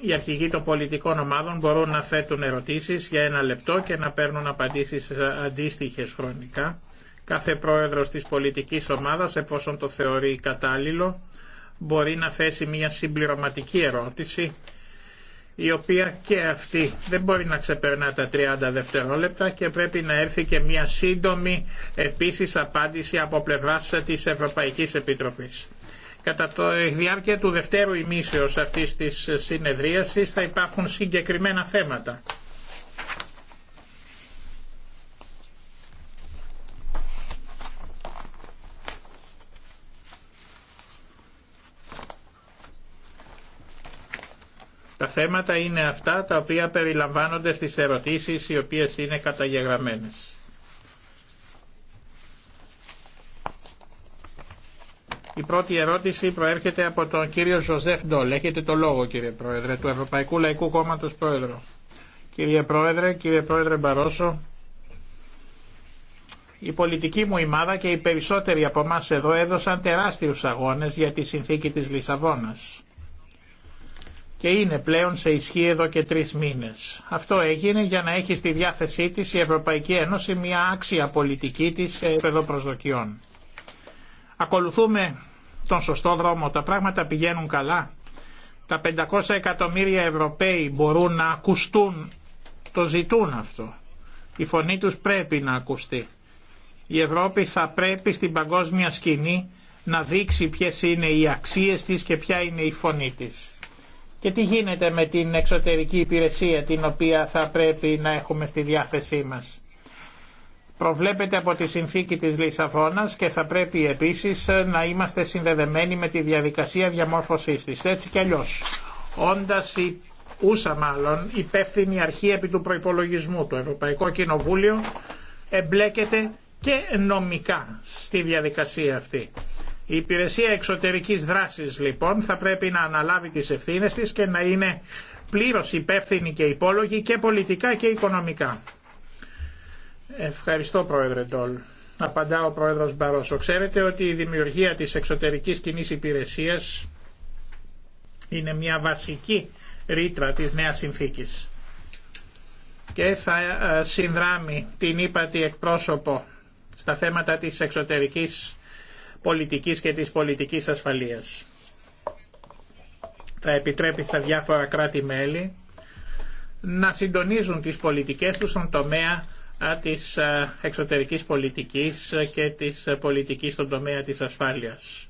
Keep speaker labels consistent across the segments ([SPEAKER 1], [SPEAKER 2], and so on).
[SPEAKER 1] Οι αρχηγοί των πολιτικών ομάδων μπορούν να θέτουν ερωτήσεις για ένα λεπτό και να παίρνουν απαντήσεις αντίστοιχες χρονικά. Κάθε πρόεδρος της πολιτικής ομάδας, εφόσον το θεωρεί κατάλληλο, μπορεί να θέσει μια συμπληρωματική ερώτηση, η οποία και αυτή δεν μπορεί να ξεπερνά τα 30 δευτερόλεπτα και πρέπει να έρθει και μια σύντομη επίσης απάντηση από πλευράς της Ευρωπαϊκής Επιτροπής. Κατά τη διάρκεια του δευτέρου ημίσεως αυτής της συνεδρίασης θα υπάρχουν συγκεκριμένα θέματα. Τα θέματα είναι αυτά τα οποία περιλαμβάνονται στις ερωτήσεις οι οποίες είναι καταγεγραμμένες. Η πρώτη ερώτηση προέρχεται από τον κύριο Ζωζεφ Ντόλ. Έχετε το λόγο κύριε Πρόεδρε του Ευρωπαϊκού Λαϊκού Κόμματος Πρόεδρο. Κύριε Πρόεδρε, κύριε Πρόεδρε Μπαρόσο, η πολιτική μου ημάδα και οι περισσότεροι από εμά εδώ έδωσαν τεράστιους αγώνες για τη συνθήκη της Λισαβόνας. Και είναι πλέον σε ισχύ εδώ και τρει μήνε. Αυτό έγινε για να έχει στη διάθεσή τη, η Ευρωπαϊκή Ένωση μια άξια πολιτική της επίπεδο προσδοκιών. Ακολουθούμε τον σωστό δρόμο, τα πράγματα πηγαίνουν καλά. Τα 500 εκατομμύρια Ευρωπαίοι μπορούν να ακουστούν, το ζητούν αυτό. Η φωνή τους πρέπει να ακουστεί. Η Ευρώπη θα πρέπει στην παγκόσμια σκηνή να δείξει ποιες είναι οι αξίες της και ποια είναι η φωνή της. Και τι γίνεται με την εξωτερική υπηρεσία την οποία θα πρέπει να έχουμε στη διάθεσή μας προβλέπεται από τη συνθήκη της Λισαβόνας και θα πρέπει επίσης ε, να είμαστε συνδεδεμένοι με τη διαδικασία διαμόρφωσής της. Έτσι κι αλλιώς, όντας η ούσα μάλλον υπεύθυνη αρχή επί του προϋπολογισμού του Ευρωπαϊκό Κοινοβούλιο εμπλέκεται και νομικά στη διαδικασία αυτή. Η υπηρεσία εξωτερικής δράσης λοιπόν θα πρέπει να αναλάβει τις ευθύνες της και να είναι πλήρως υπεύθυνη και υπόλογη και πολιτικά και οικονομικά. Ευχαριστώ Πρόεδρε Ντόλ. Απαντά ο Πρόεδρος Μπαρόσο. Ξέρετε ότι η δημιουργία της εξωτερικής κοινή υπηρεσίας είναι μια βασική ρήτρα της νέας συνθήκης και θα ε, συνδράμει την ύπατη εκπρόσωπο στα θέματα της εξωτερικής πολιτικής και της πολιτικής ασφαλείας. Θα επιτρέπει στα διάφορα κράτη-μέλη να συντονίζουν τις πολιτικές τους στον τομέα της εξωτερικής πολιτικής και της πολιτικής στον τομέα της ασφάλειας.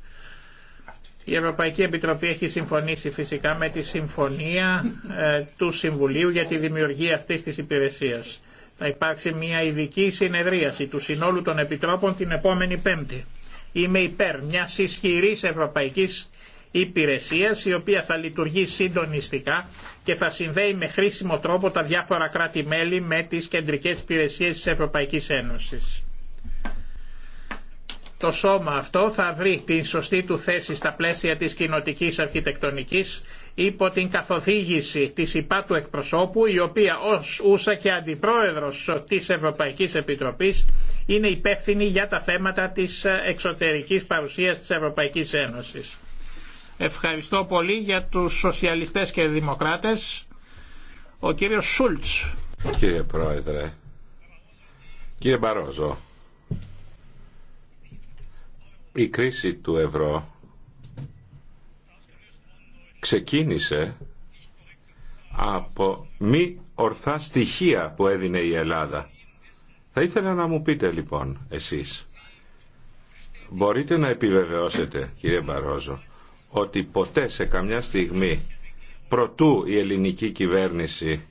[SPEAKER 1] Η Ευρωπαϊκή Επιτροπή έχει συμφωνήσει φυσικά με τη συμφωνία του Συμβουλίου για τη δημιουργία αυτής της υπηρεσίας. Θα υπάρξει μια ειδική συνεδρίαση του συνόλου των επιτρόπων την επόμενη Πέμπτη. Είμαι υπέρ μια ισχυρή ευρωπαϊκής Υπηρεσία, η οποία θα λειτουργεί συντονιστικά και θα συνδέει με χρήσιμο τρόπο τα διάφορα κράτη-μέλη με τις κεντρικές υπηρεσίες της Ευρωπαϊκής Ένωσης. Το σώμα αυτό θα βρει την σωστή του θέση στα πλαίσια της κοινοτικής αρχιτεκτονικής υπό την καθοδήγηση της υπάτου εκπροσώπου η οποία ως ούσα και αντιπρόεδρος της Ευρωπαϊκής Επιτροπής είναι υπεύθυνη για τα θέματα της εξωτερικής παρουσίας της Ευρωπαϊκής Ένωσης. Ευχαριστώ πολύ για τους σοσιαλιστές και δημοκράτες. Ο κύριος Σούλτς.
[SPEAKER 2] Κύριε Πρόεδρε, κύριε Μπαρόζο, η κρίση του ευρώ ξεκίνησε από μη ορθά στοιχεία που έδινε η Ελλάδα. Θα ήθελα να μου πείτε λοιπόν εσείς, μπορείτε να επιβεβαιώσετε κύριε Μπαρόζο, ότι ποτέ σε καμιά στιγμή προτού η ελληνική κυβέρνηση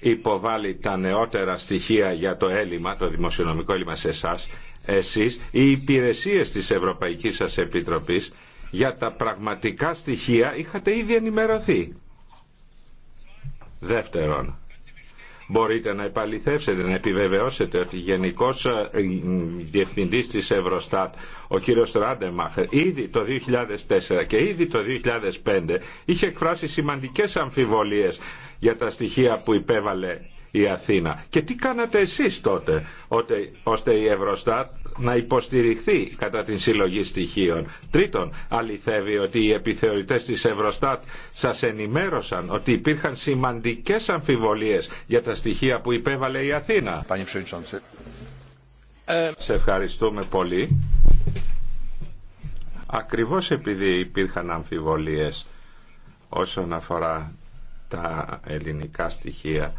[SPEAKER 2] υποβάλει τα νεότερα στοιχεία για το έλλειμμα, το δημοσιονομικό έλλειμμα σε εσά, εσείς, οι υπηρεσίες της Ευρωπαϊκής σας Επιτροπής για τα πραγματικά στοιχεία είχατε ήδη ενημερωθεί. Δεύτερον, Μπορείτε να επαληθεύσετε, να επιβεβαιώσετε ότι γενικό ε, διευθυντή τη Ευρωστάτ, ο κύριος Ράντεμαχερ, ήδη το 2004 και ήδη το 2005 είχε εκφράσει σημαντικές αμφιβολίες για τα στοιχεία που υπέβαλε η Αθήνα. Και τι κάνατε εσείς τότε, ώστε η Ευρωστάτ να υποστηριχθεί κατά την συλλογή στοιχείων. Τρίτον, αληθεύει ότι οι επιθεωρητές της Ευρωστάτ σας ενημέρωσαν ότι υπήρχαν σημαντικές αμφιβολίες για τα στοιχεία που υπέβαλε η Αθήνα. Ε, σε ευχαριστούμε πολύ. Ακριβώς επειδή υπήρχαν αμφιβολίες όσον αφορά τα ελληνικά στοιχεία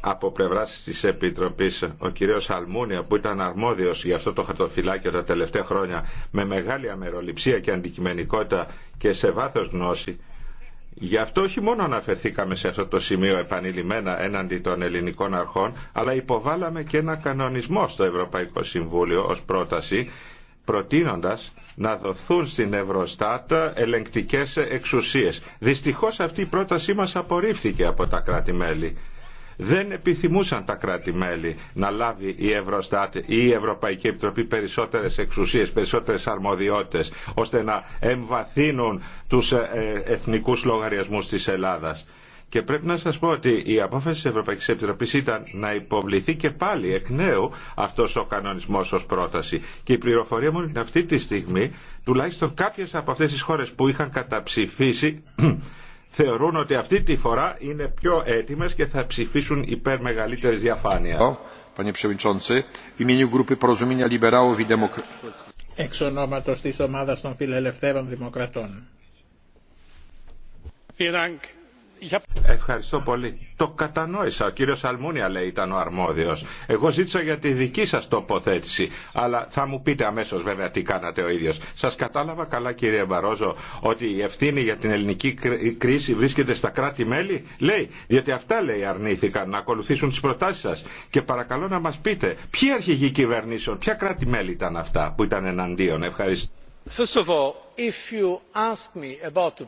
[SPEAKER 2] από πλευρά τη Επιτροπή ο κ. Αλμούνια που ήταν αρμόδιο για αυτό το χαρτοφυλάκιο τα τελευταία χρόνια με μεγάλη αμεροληψία και αντικειμενικότητα και σε βάθο γνώση Γι' αυτό όχι μόνο αναφερθήκαμε σε αυτό το σημείο επανειλημμένα έναντι των ελληνικών αρχών, αλλά υποβάλαμε και ένα κανονισμό στο Ευρωπαϊκό Συμβούλιο ως πρόταση, προτείνοντας να δοθούν στην Ευρωστάτ ελεγκτικές εξουσίες. Δυστυχώς αυτή η πρότασή μας απορρίφθηκε από τα κράτη-μέλη. Δεν επιθυμούσαν τα κράτη-μέλη να λάβει η Ευρωστάτ ή η Ευρωπαϊκή Επιτροπή περισσότερες εξουσίες, περισσότερες αρμοδιότητες, ώστε να εμβαθύνουν τους ε, εθνικούς λογαριασμούς της Ελλάδας. Και πρέπει να σας πω ότι η απόφαση της Ευρωπαϊκής Επιτροπής ήταν να υποβληθεί και πάλι εκ νέου αυτός ο κανονισμός ως πρόταση. Και η πληροφορία μου είναι αυτή τη στιγμή τουλάχιστον κάποιες από αυτές τις χώρες που είχαν καταψηφίσει θεωρούν ότι αυτή τη φορά είναι πιο έτοιμες και θα ψηφίσουν υπέρ μεγαλύτερης διαφάνειας. Panie Przewodniczący, w imieniu Grupy Porozumienia Liberałów i Demokratów.
[SPEAKER 1] Eksonomatos tis ομάδας των Φιλελευθέρων Δημοκρατών.
[SPEAKER 2] Vielen Dank, Ευχαριστώ πολύ. Το κατανόησα. Ο κύριος Αλμούνια λέει ήταν ο αρμόδιος. Εγώ ζήτησα για τη δική σας τοποθέτηση, αλλά θα μου πείτε αμέσως βέβαια τι κάνατε ο ίδιος. Σας κατάλαβα καλά κύριε Μπαρόζο ότι η ευθύνη για την ελληνική κρίση βρίσκεται στα κράτη-μέλη. Λέει, διότι αυτά λέει αρνήθηκαν να ακολουθήσουν τις προτάσεις σας. Και παρακαλώ να μας πείτε ποιοι αρχηγοί κυβερνήσεων, ποια κράτη-μέλη ήταν αυτά που ήταν εναντίον. Ευχαριστώ. First of if you ask me about the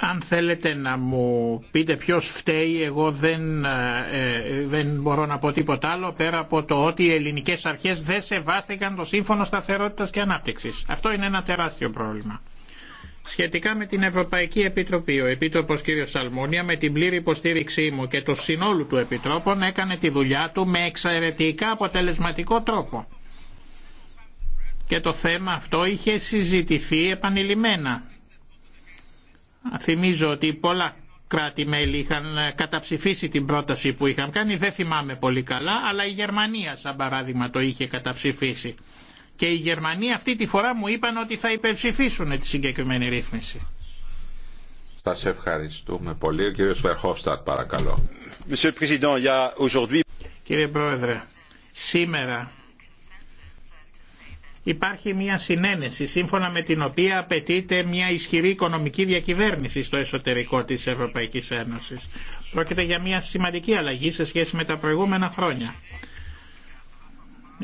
[SPEAKER 1] αν θέλετε να μου πείτε ποιος φταίει, εγώ δεν, ε, ε, δεν μπορώ να πω τίποτα άλλο πέρα από το ότι οι ελληνικές αρχές δεν σεβάστηκαν το Σύμφωνο Σταθερότητας και Ανάπτυξης. Αυτό είναι ένα τεράστιο πρόβλημα. Σχετικά με την Ευρωπαϊκή Επιτροπή, ο Επίτροπος κ. Σαλμούνια με την πλήρη υποστήριξή μου και το συνόλου του Επιτρόπων έκανε τη δουλειά του με εξαιρετικά αποτελεσματικό τρόπο. Και το θέμα αυτό είχε συζητηθεί επανειλημμένα Θυμίζω ότι πολλά κράτη-μέλη είχαν ε, καταψηφίσει την πρόταση που είχαν κάνει, δεν θυμάμαι πολύ καλά, αλλά η Γερμανία σαν παράδειγμα το είχε καταψηφίσει. Και οι Γερμανοί αυτή τη φορά μου είπαν ότι θα υπερψηφίσουν τη συγκεκριμένη ρύθμιση.
[SPEAKER 2] Σας ευχαριστούμε πολύ. Ο κύριος παρακαλώ. Κύριε Πρόεδρε, σήμερα
[SPEAKER 1] υπάρχει μια συνένεση σύμφωνα με την οποία απαιτείται μια ισχυρή οικονομική διακυβέρνηση στο εσωτερικό της Ευρωπαϊκής Ένωσης. Πρόκειται για μια σημαντική αλλαγή σε σχέση με τα προηγούμενα χρόνια.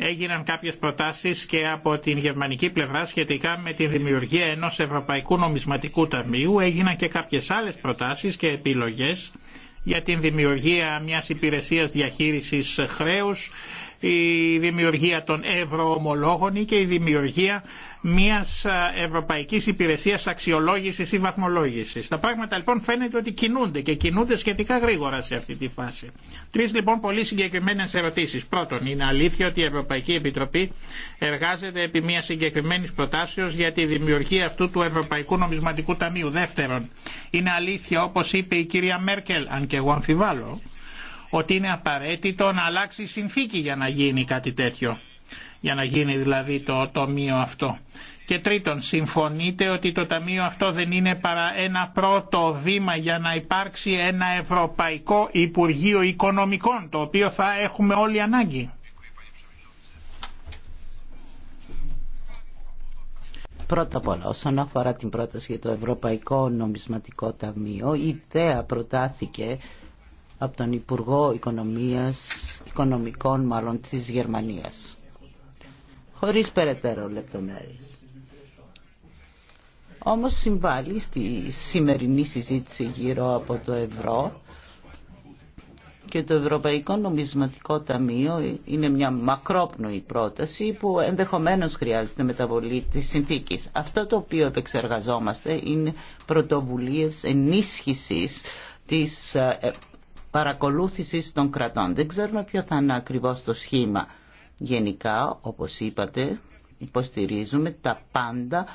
[SPEAKER 1] Έγιναν κάποιες προτάσεις και από την γερμανική πλευρά σχετικά με τη δημιουργία ενός Ευρωπαϊκού Νομισματικού Ταμείου. Έγιναν και κάποιες άλλες προτάσεις και επιλογές για την δημιουργία μιας υπηρεσίας διαχείρισης χρέους η δημιουργία των ευρωομολόγων ή και η δημιουργία μιας ευρωπαϊκής υπηρεσίας αξιολόγησης ή βαθμολόγησης. Τα πράγματα λοιπόν φαίνεται ότι κινούνται και κινούνται σχετικά γρήγορα σε αυτή τη φάση. Τρεις λοιπόν πολύ συγκεκριμένες ερωτήσεις. Πρώτον, είναι αλήθεια ότι η Ευρωπαϊκή Επιτροπή εργάζεται επί μια συγκεκριμένη προτάσεως για τη δημιουργία αυτού του Ευρωπαϊκού Νομισματικού Ταμείου. Δεύτερον, είναι αλήθεια όπως είπε η κυρία Μέρκελ, αν και εγώ αμφιβάλλω, ότι είναι απαραίτητο να αλλάξει συνθήκη για να γίνει κάτι τέτοιο. Για να γίνει δηλαδή το τομείο αυτό. Και τρίτον, συμφωνείτε ότι το ταμείο αυτό δεν είναι παρά ένα πρώτο βήμα για να υπάρξει ένα Ευρωπαϊκό Υπουργείο Οικονομικών, το οποίο θα έχουμε όλοι ανάγκη.
[SPEAKER 3] Πρώτα απ' όλα, όσον αφορά την πρόταση για το Ευρωπαϊκό Νομισματικό Ταμείο, η ιδέα προτάθηκε από τον Υπουργό Οικονομίας, Οικονομικών μάλλον της Γερμανίας. Χωρίς περαιτέρω λεπτομέρειες. Όμως συμβάλλει στη σημερινή συζήτηση γύρω από το ευρώ και το Ευρωπαϊκό Νομισματικό Ταμείο είναι μια μακρόπνοη πρόταση που ενδεχομένως χρειάζεται μεταβολή της συνθήκης. Αυτό το οποίο επεξεργαζόμαστε είναι πρωτοβουλίες ενίσχυσης της ε, παρακολούθησης των κρατών. Δεν ξέρουμε ποιο θα είναι ακριβώς το σχήμα. Γενικά, όπως είπατε, υποστηρίζουμε τα πάντα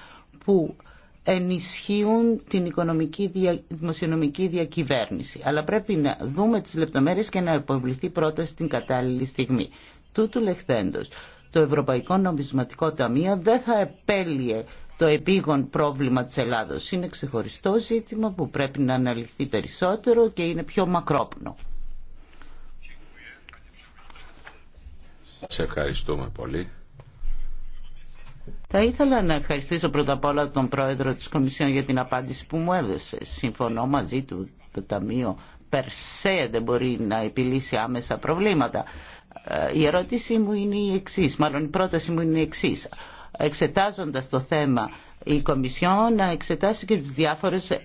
[SPEAKER 3] που ενισχύουν την οικονομική δημοσιονομική διακυβέρνηση. Αλλά πρέπει να δούμε τις λεπτομέρειες και να υποβληθεί πρώτα στην κατάλληλη στιγμή. Τούτου λεχθέντος, το Ευρωπαϊκό Νομισματικό Ταμείο δεν θα επέλυε το επίγον πρόβλημα της Ελλάδος. Είναι ξεχωριστό ζήτημα που πρέπει να αναλυθεί περισσότερο και είναι πιο μακρόπνο.
[SPEAKER 2] Σε ευχαριστούμε πολύ.
[SPEAKER 3] Θα ήθελα να ευχαριστήσω πρώτα απ' όλα τον πρόεδρο της Κομισιόν για την απάντηση που μου έδωσε. Συμφωνώ μαζί του το Ταμείο Περσέ δεν μπορεί να επιλύσει άμεσα προβλήματα. Ε, η ερώτησή μου είναι η εξής, μάλλον η πρόταση μου είναι η εξής εξετάζοντας το θέμα η Κομισιό να εξετάσει και τις διάφορες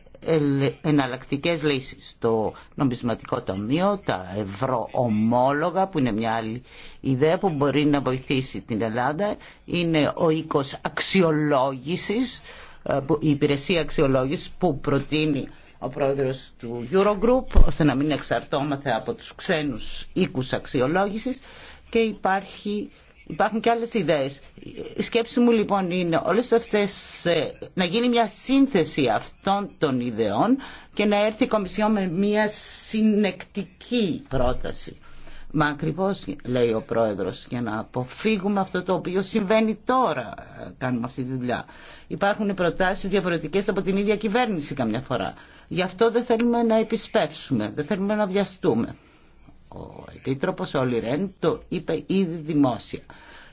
[SPEAKER 3] εναλλακτικέ λύσεις. Το νομισματικό ταμείο, τα ευρωομόλογα που είναι μια άλλη ιδέα που μπορεί να βοηθήσει την Ελλάδα είναι ο οίκος αξιολόγησης, ε, η υπηρεσία αξιολόγησης που προτείνει ο πρόεδρος του Eurogroup ώστε να μην εξαρτώμαστε από τους ξένους οίκους αξιολόγησης και υπάρχει Υπάρχουν και άλλες ιδέες. Η σκέψη μου λοιπόν είναι όλες αυτές, ε, να γίνει μια σύνθεση αυτών των ιδεών και να έρθει η Κομισιόν με μια συνεκτική πρόταση. Μα ακριβώ λέει ο πρόεδρος για να αποφύγουμε αυτό το οποίο συμβαίνει τώρα ε, κάνουμε αυτή τη δουλειά. Υπάρχουν προτάσεις διαφορετικές από την ίδια κυβέρνηση καμιά φορά. Γι' αυτό δεν θέλουμε να επισπεύσουμε, δεν θέλουμε να βιαστούμε ο Επίτροπος, ο Λιρέν, το είπε ήδη δημόσια.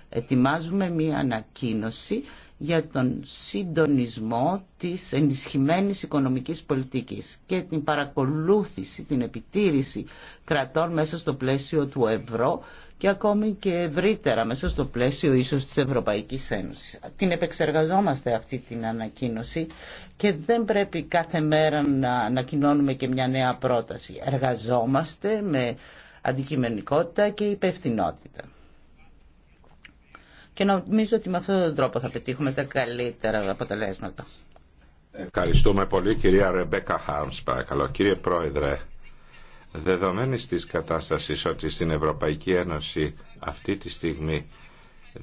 [SPEAKER 3] Ετοιμάζουμε μία ανακοίνωση για τον συντονισμό της ενισχυμένης οικονομικής πολιτικής και την παρακολούθηση, την επιτήρηση κρατών μέσα στο πλαίσιο του ευρώ και ακόμη και ευρύτερα μέσα στο πλαίσιο ίσως της Ευρωπαϊκής Ένωσης. Την επεξεργαζόμαστε αυτή την ανακοίνωση και δεν πρέπει κάθε μέρα να ανακοινώνουμε και μια νέα πρόταση. Εργαζόμαστε με αντικειμενικότητα και υπευθυνότητα. Και νομίζω ότι με αυτόν τον τρόπο θα πετύχουμε τα καλύτερα αποτελέσματα.
[SPEAKER 2] Ευχαριστούμε πολύ κυρία Ρεμπέκα Χάρμς παρακαλώ. Κύριε Πρόεδρε, δεδομένης της κατάστασης ότι στην Ευρωπαϊκή Ένωση αυτή τη στιγμή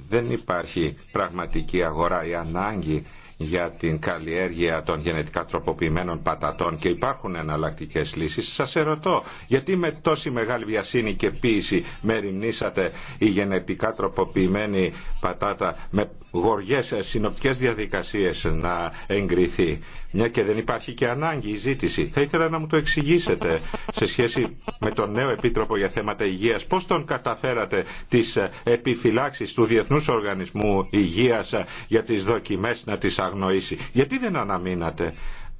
[SPEAKER 2] δεν υπάρχει πραγματική αγορά ή ανάγκη για την καλλιέργεια των γενετικά τροποποιημένων πατατών και υπάρχουν εναλλακτικέ λύσει. Σα ερωτώ, γιατί με τόση μεγάλη βιασύνη και πίεση μεριμνήσατε η γενετικά τροποποιημένη πατάτα με γοργέ συνοπτικέ διαδικασίε να εγκριθεί μια και δεν υπάρχει και ανάγκη η ζήτηση. Θα ήθελα να μου το εξηγήσετε σε σχέση με τον νέο Επίτροπο για θέματα υγείας. Πώς τον καταφέρατε τις επιφυλάξεις του Διεθνούς Οργανισμού Υγείας για τις δοκιμές να τις αγνοήσει. Γιατί δεν αναμείνατε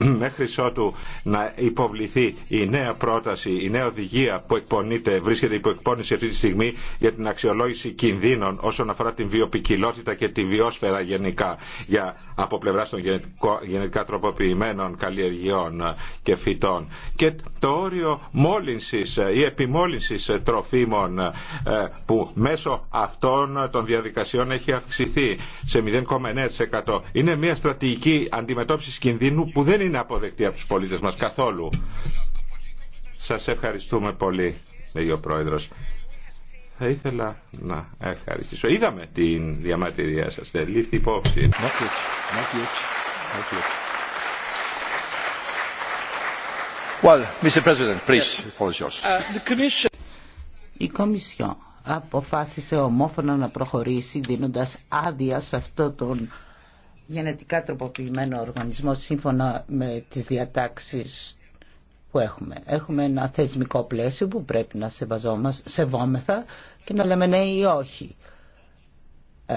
[SPEAKER 2] μέχρι ότου να υποβληθεί η νέα πρόταση, η νέα οδηγία που εκπονείται, βρίσκεται υπό εκπόνηση αυτή τη στιγμή για την αξιολόγηση κινδύνων όσον αφορά την βιοπικιλότητα και τη βιόσφαιρα γενικά για, από πλευρά των γενετικά τροποποιημένων καλλιεργειών και φυτών. Και το όριο μόλυνσης ή ε, επιμόλυνσης ε, τροφίμων ε, που μέσω αυτών των διαδικασιών έχει αυξηθεί σε 0,9% είναι μια στρατηγική αντιμετώπιση κινδύνου που δεν είναι είναι αποδεκτή από τους πολίτες μας καθόλου. Σας ευχαριστούμε πολύ, λέει ο Πρόεδρος. Θα ήθελα να ευχαριστήσω. Είδαμε την διαμαρτυρία σας. Λήφθη υπόψη. Well, Mr. President,
[SPEAKER 3] please, yours. Uh, Η Κομισιόν αποφάσισε ομόφωνα να προχωρήσει δίνοντας άδεια σε αυτό τον γενετικά τροποποιημένο οργανισμό σύμφωνα με τις διατάξεις που έχουμε. Έχουμε ένα θεσμικό πλαίσιο που πρέπει να σεβόμεθα και να λέμε ναι ή όχι. Ε,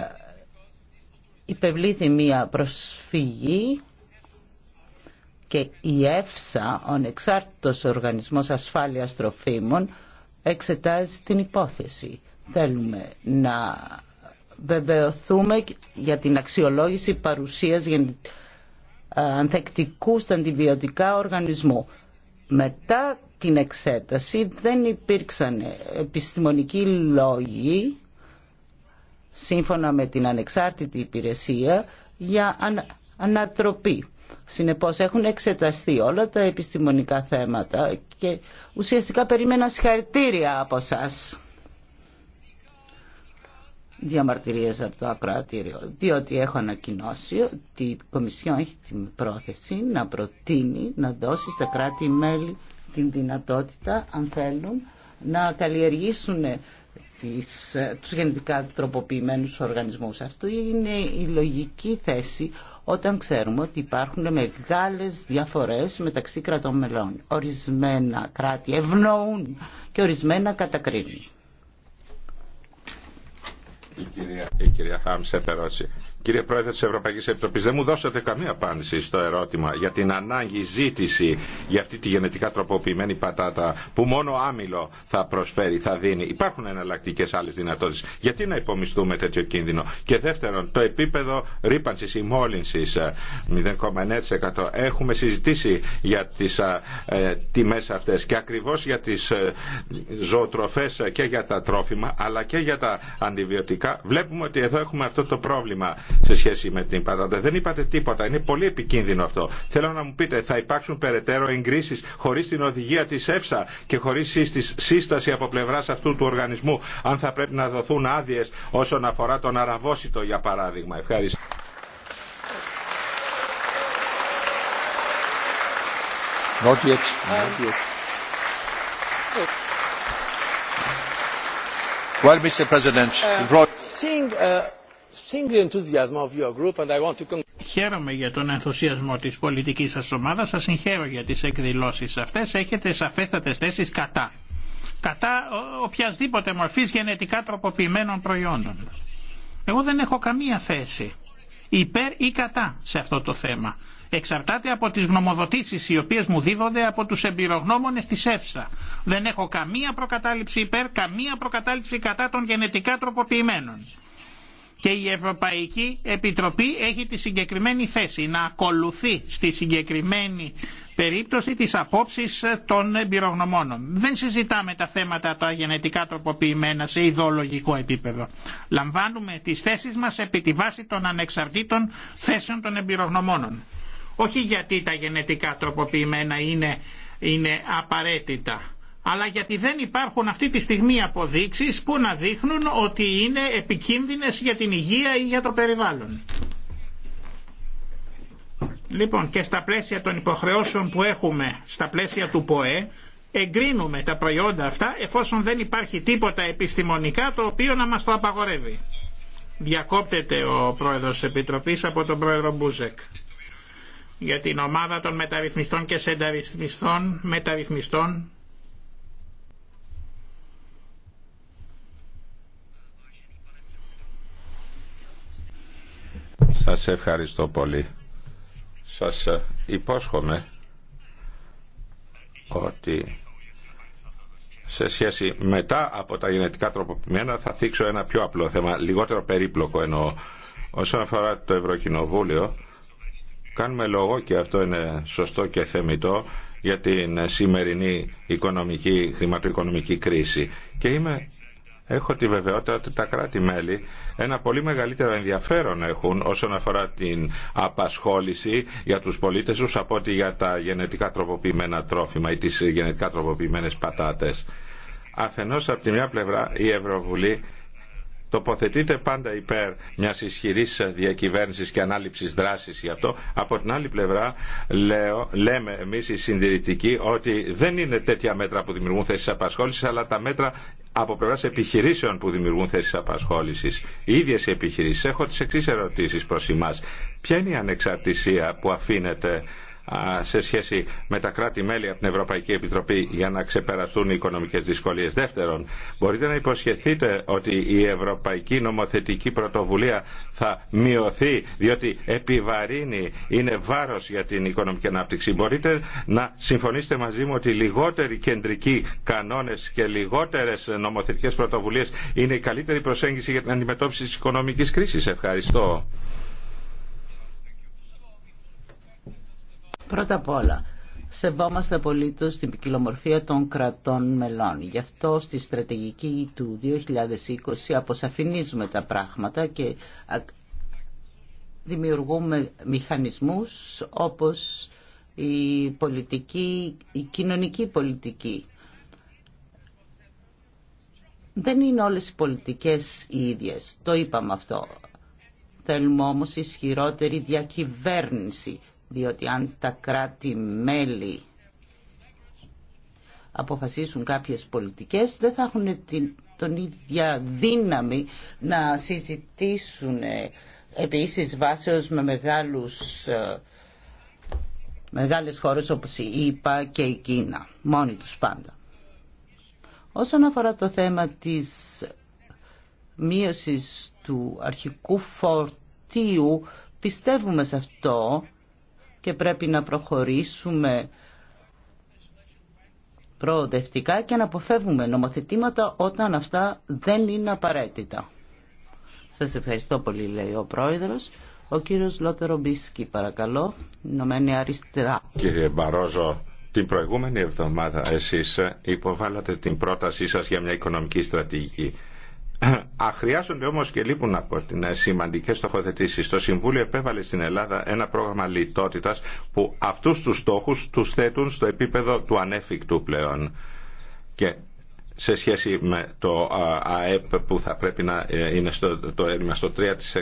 [SPEAKER 3] υπευλήθη μία προσφυγή και η ΕΦΣΑ, ο εξάρτητος οργανισμός ασφάλειας τροφίμων, εξετάζει την υπόθεση. Θέλουμε να βεβαιωθούμε για την αξιολόγηση παρουσίας ανθεκτικού στα αντιβιωτικά οργανισμού. Μετά την εξέταση δεν υπήρξαν επιστημονικοί λόγοι σύμφωνα με την ανεξάρτητη υπηρεσία για ανατροπή. Συνεπώς έχουν εξεταστεί όλα τα επιστημονικά θέματα και ουσιαστικά περίμενα συγχαρητήρια από σας διαμαρτυρίες από το ακροατήριο, διότι έχω ανακοινώσει ότι η Κομισιόν έχει την πρόθεση να προτείνει να δώσει στα κράτη-μέλη την δυνατότητα, αν θέλουν, να καλλιεργήσουν τις, τους γενετικά τροποποιημένους οργανισμούς. Αυτό είναι η λογική θέση όταν ξέρουμε ότι υπάρχουν μεγάλες διαφορές μεταξύ κρατών μελών. Ορισμένα κράτη ευνοούν και ορισμένα κατακρίνουν.
[SPEAKER 2] Η κυρία, η κυρία περώσει. Κύριε Πρόεδρε της Ευρωπαϊκής Επιτροπής, δεν μου δώσατε καμία απάντηση στο ερώτημα για την ανάγκη ζήτηση για αυτή τη γενετικά τροποποιημένη πατάτα που μόνο άμυλο θα προσφέρει, θα δίνει. Υπάρχουν εναλλακτικέ άλλες δυνατότητες. Γιατί να υπομισθούμε τέτοιο κίνδυνο. Και δεύτερον, το επίπεδο ρήπανσης ή μόλυνσης 0,9%. Ε, έχουμε συζητήσει για τις ε, ε, τιμές αυτές και ακριβώς για τις ε, ζωοτροφές και για τα τρόφιμα αλλά και για τα αντιβιωτικά. Βλέπουμε ότι εδώ έχουμε αυτό το πρόβλημα σε σχέση με την παρόντα. Δεν είπατε τίποτα. Είναι πολύ επικίνδυνο αυτό. Θέλω να μου πείτε, θα υπάρξουν περαιτέρω εγκρίσει χωρί την οδηγία τη ΕΦΣΑ και χωρί σύσταση από πλευρά αυτού του οργανισμού, αν θα πρέπει να δοθούν άδειε όσον αφορά τον αραβόσιτο, για παράδειγμα. Ευχαριστώ. Not Well, Mr. President, uh, seeing, uh,
[SPEAKER 1] Χαίρομαι για τον ενθουσιασμό της πολιτικής σας ομάδας, σας συγχαίρω για τις εκδηλώσεις αυτές, έχετε σαφέστατες θέσεις κατά. Κατά οποιασδήποτε μορφής γενετικά τροποποιημένων προϊόντων. Εγώ δεν έχω καμία θέση υπέρ ή κατά σε αυτό το θέμα. Εξαρτάται από τις γνωμοδοτήσεις οι οποίες μου δίδονται από τους εμπειρογνώμονες της ΕΦΣΑ. Δεν έχω καμία προκατάληψη υπέρ, καμία προκατάληψη κατά των γενετικά τροποποιημένων και η Ευρωπαϊκή Επιτροπή έχει τη συγκεκριμένη θέση να ακολουθεί στη συγκεκριμένη περίπτωση τις απόψεις των εμπειρογνωμόνων. Δεν συζητάμε τα θέματα τα γενετικά τροποποιημένα σε ιδεολογικό επίπεδο. Λαμβάνουμε τις θέσεις μας επί τη βάση των ανεξαρτήτων θέσεων των εμπειρογνωμόνων. Όχι γιατί τα γενετικά τροποποιημένα είναι, είναι απαραίτητα αλλά γιατί δεν υπάρχουν αυτή τη στιγμή αποδείξεις που να δείχνουν ότι είναι επικίνδυνες για την υγεία ή για το περιβάλλον. Λοιπόν, και στα πλαίσια των υποχρεώσεων που έχουμε, στα πλαίσια του ΠΟΕ, εγκρίνουμε τα προϊόντα αυτά εφόσον δεν υπάρχει τίποτα επιστημονικά το οποίο να μας το απαγορεύει. Διακόπτεται ο πρόεδρος της Επιτροπής από τον πρόεδρο Μπούζεκ για την ομάδα των μεταρρυθμιστών και συνταρρυθμιστών μεταρρυθμιστών
[SPEAKER 2] Σας ευχαριστώ πολύ. Σας ε, υπόσχομαι ότι σε σχέση μετά από τα γενετικά τροποποιημένα θα θίξω ένα πιο απλό θέμα, λιγότερο περίπλοκο εννοώ. Όσον αφορά το Ευρωκοινοβούλιο, κάνουμε λόγο και αυτό είναι σωστό και θεμητό για την σημερινή οικονομική, χρηματοοικονομική κρίση. Και είμαι έχω τη βεβαιότητα ότι τα κράτη-μέλη ένα πολύ μεγαλύτερο ενδιαφέρον έχουν όσον αφορά την απασχόληση για τους πολίτες τους από ότι για τα γενετικά τροποποιημένα τρόφιμα ή τις γενετικά τροποποιημένες πατάτες. Αφενός από τη μια πλευρά η Ευρωβουλή τοποθετείται πάντα υπέρ μιας ισχυρής διακυβέρνησης και ανάληψης δράσης γι' αυτό. Από την άλλη πλευρά λέω, λέμε εμείς οι συντηρητικοί ότι δεν είναι τέτοια μέτρα που δημιουργούν θέσεις απασχόλησης αλλά τα μέτρα από πλευρά επιχειρήσεων που δημιουργούν θέσει απασχόληση, οι ίδιε οι επιχειρήσει. Έχω τι εξή ερωτήσει προ εμά. Ποια είναι η ανεξαρτησία που αφήνεται σε σχέση με τα κράτη-μέλη από την Ευρωπαϊκή Επιτροπή για να ξεπεραστούν οι οικονομικές δυσκολίες. Δεύτερον, μπορείτε να υποσχεθείτε ότι η Ευρωπαϊκή Νομοθετική Πρωτοβουλία θα μειωθεί διότι επιβαρύνει, είναι βάρος για την οικονομική ανάπτυξη. Μπορείτε να συμφωνήσετε μαζί μου ότι λιγότεροι κεντρικοί κανόνες και λιγότερες νομοθετικές πρωτοβουλίες είναι η καλύτερη προσέγγιση για την αντιμετώπιση της οικονομικής κρίσης. Ευχαριστώ.
[SPEAKER 3] Πρώτα απ' όλα, σεβόμαστε απολύτω την ποικιλομορφία των κρατών μελών. Γι' αυτό στη στρατηγική του 2020 αποσαφηνίζουμε τα πράγματα και δημιουργούμε μηχανισμούς όπως η πολιτική, η κοινωνική πολιτική. Δεν είναι όλες οι πολιτικές οι ίδιες, το είπαμε αυτό. Θέλουμε όμως ισχυρότερη διακυβέρνηση διότι αν τα κράτη-μέλη αποφασίσουν κάποιες πολιτικές δεν θα έχουν την, τον ίδια δύναμη να συζητήσουν ε, επίσης βάσεως με μεγάλους ε, μεγάλες χώρες όπως η ΙΠΑ και η Κίνα, μόνοι τους πάντα. Όσον αφορά το θέμα της μείωσης του αρχικού φορτίου, πιστεύουμε σε αυτό και πρέπει να προχωρήσουμε προοδευτικά και να αποφεύγουμε νομοθετήματα όταν αυτά δεν είναι απαραίτητα. Σας ευχαριστώ πολύ, λέει ο Πρόεδρος. Ο κύριος Λότερο Μπίσκι, παρακαλώ, Ηνωμένη Αριστερά.
[SPEAKER 2] Κύριε Μπαρόζο, την προηγούμενη εβδομάδα εσείς υποβάλλατε την πρότασή σας για μια οικονομική στρατηγική. Αχρειάζονται όμως και λείπουν από την ε, σημαντικές στοχοθετήσεις. Το Συμβούλιο επέβαλε στην Ελλάδα ένα πρόγραμμα λιτότητας που αυτούς τους στόχους τους θέτουν στο επίπεδο του ανέφικτου πλέον. Και σε σχέση με το ΑΕΠ που θα πρέπει να ε, είναι στο, το έλλειμμα στο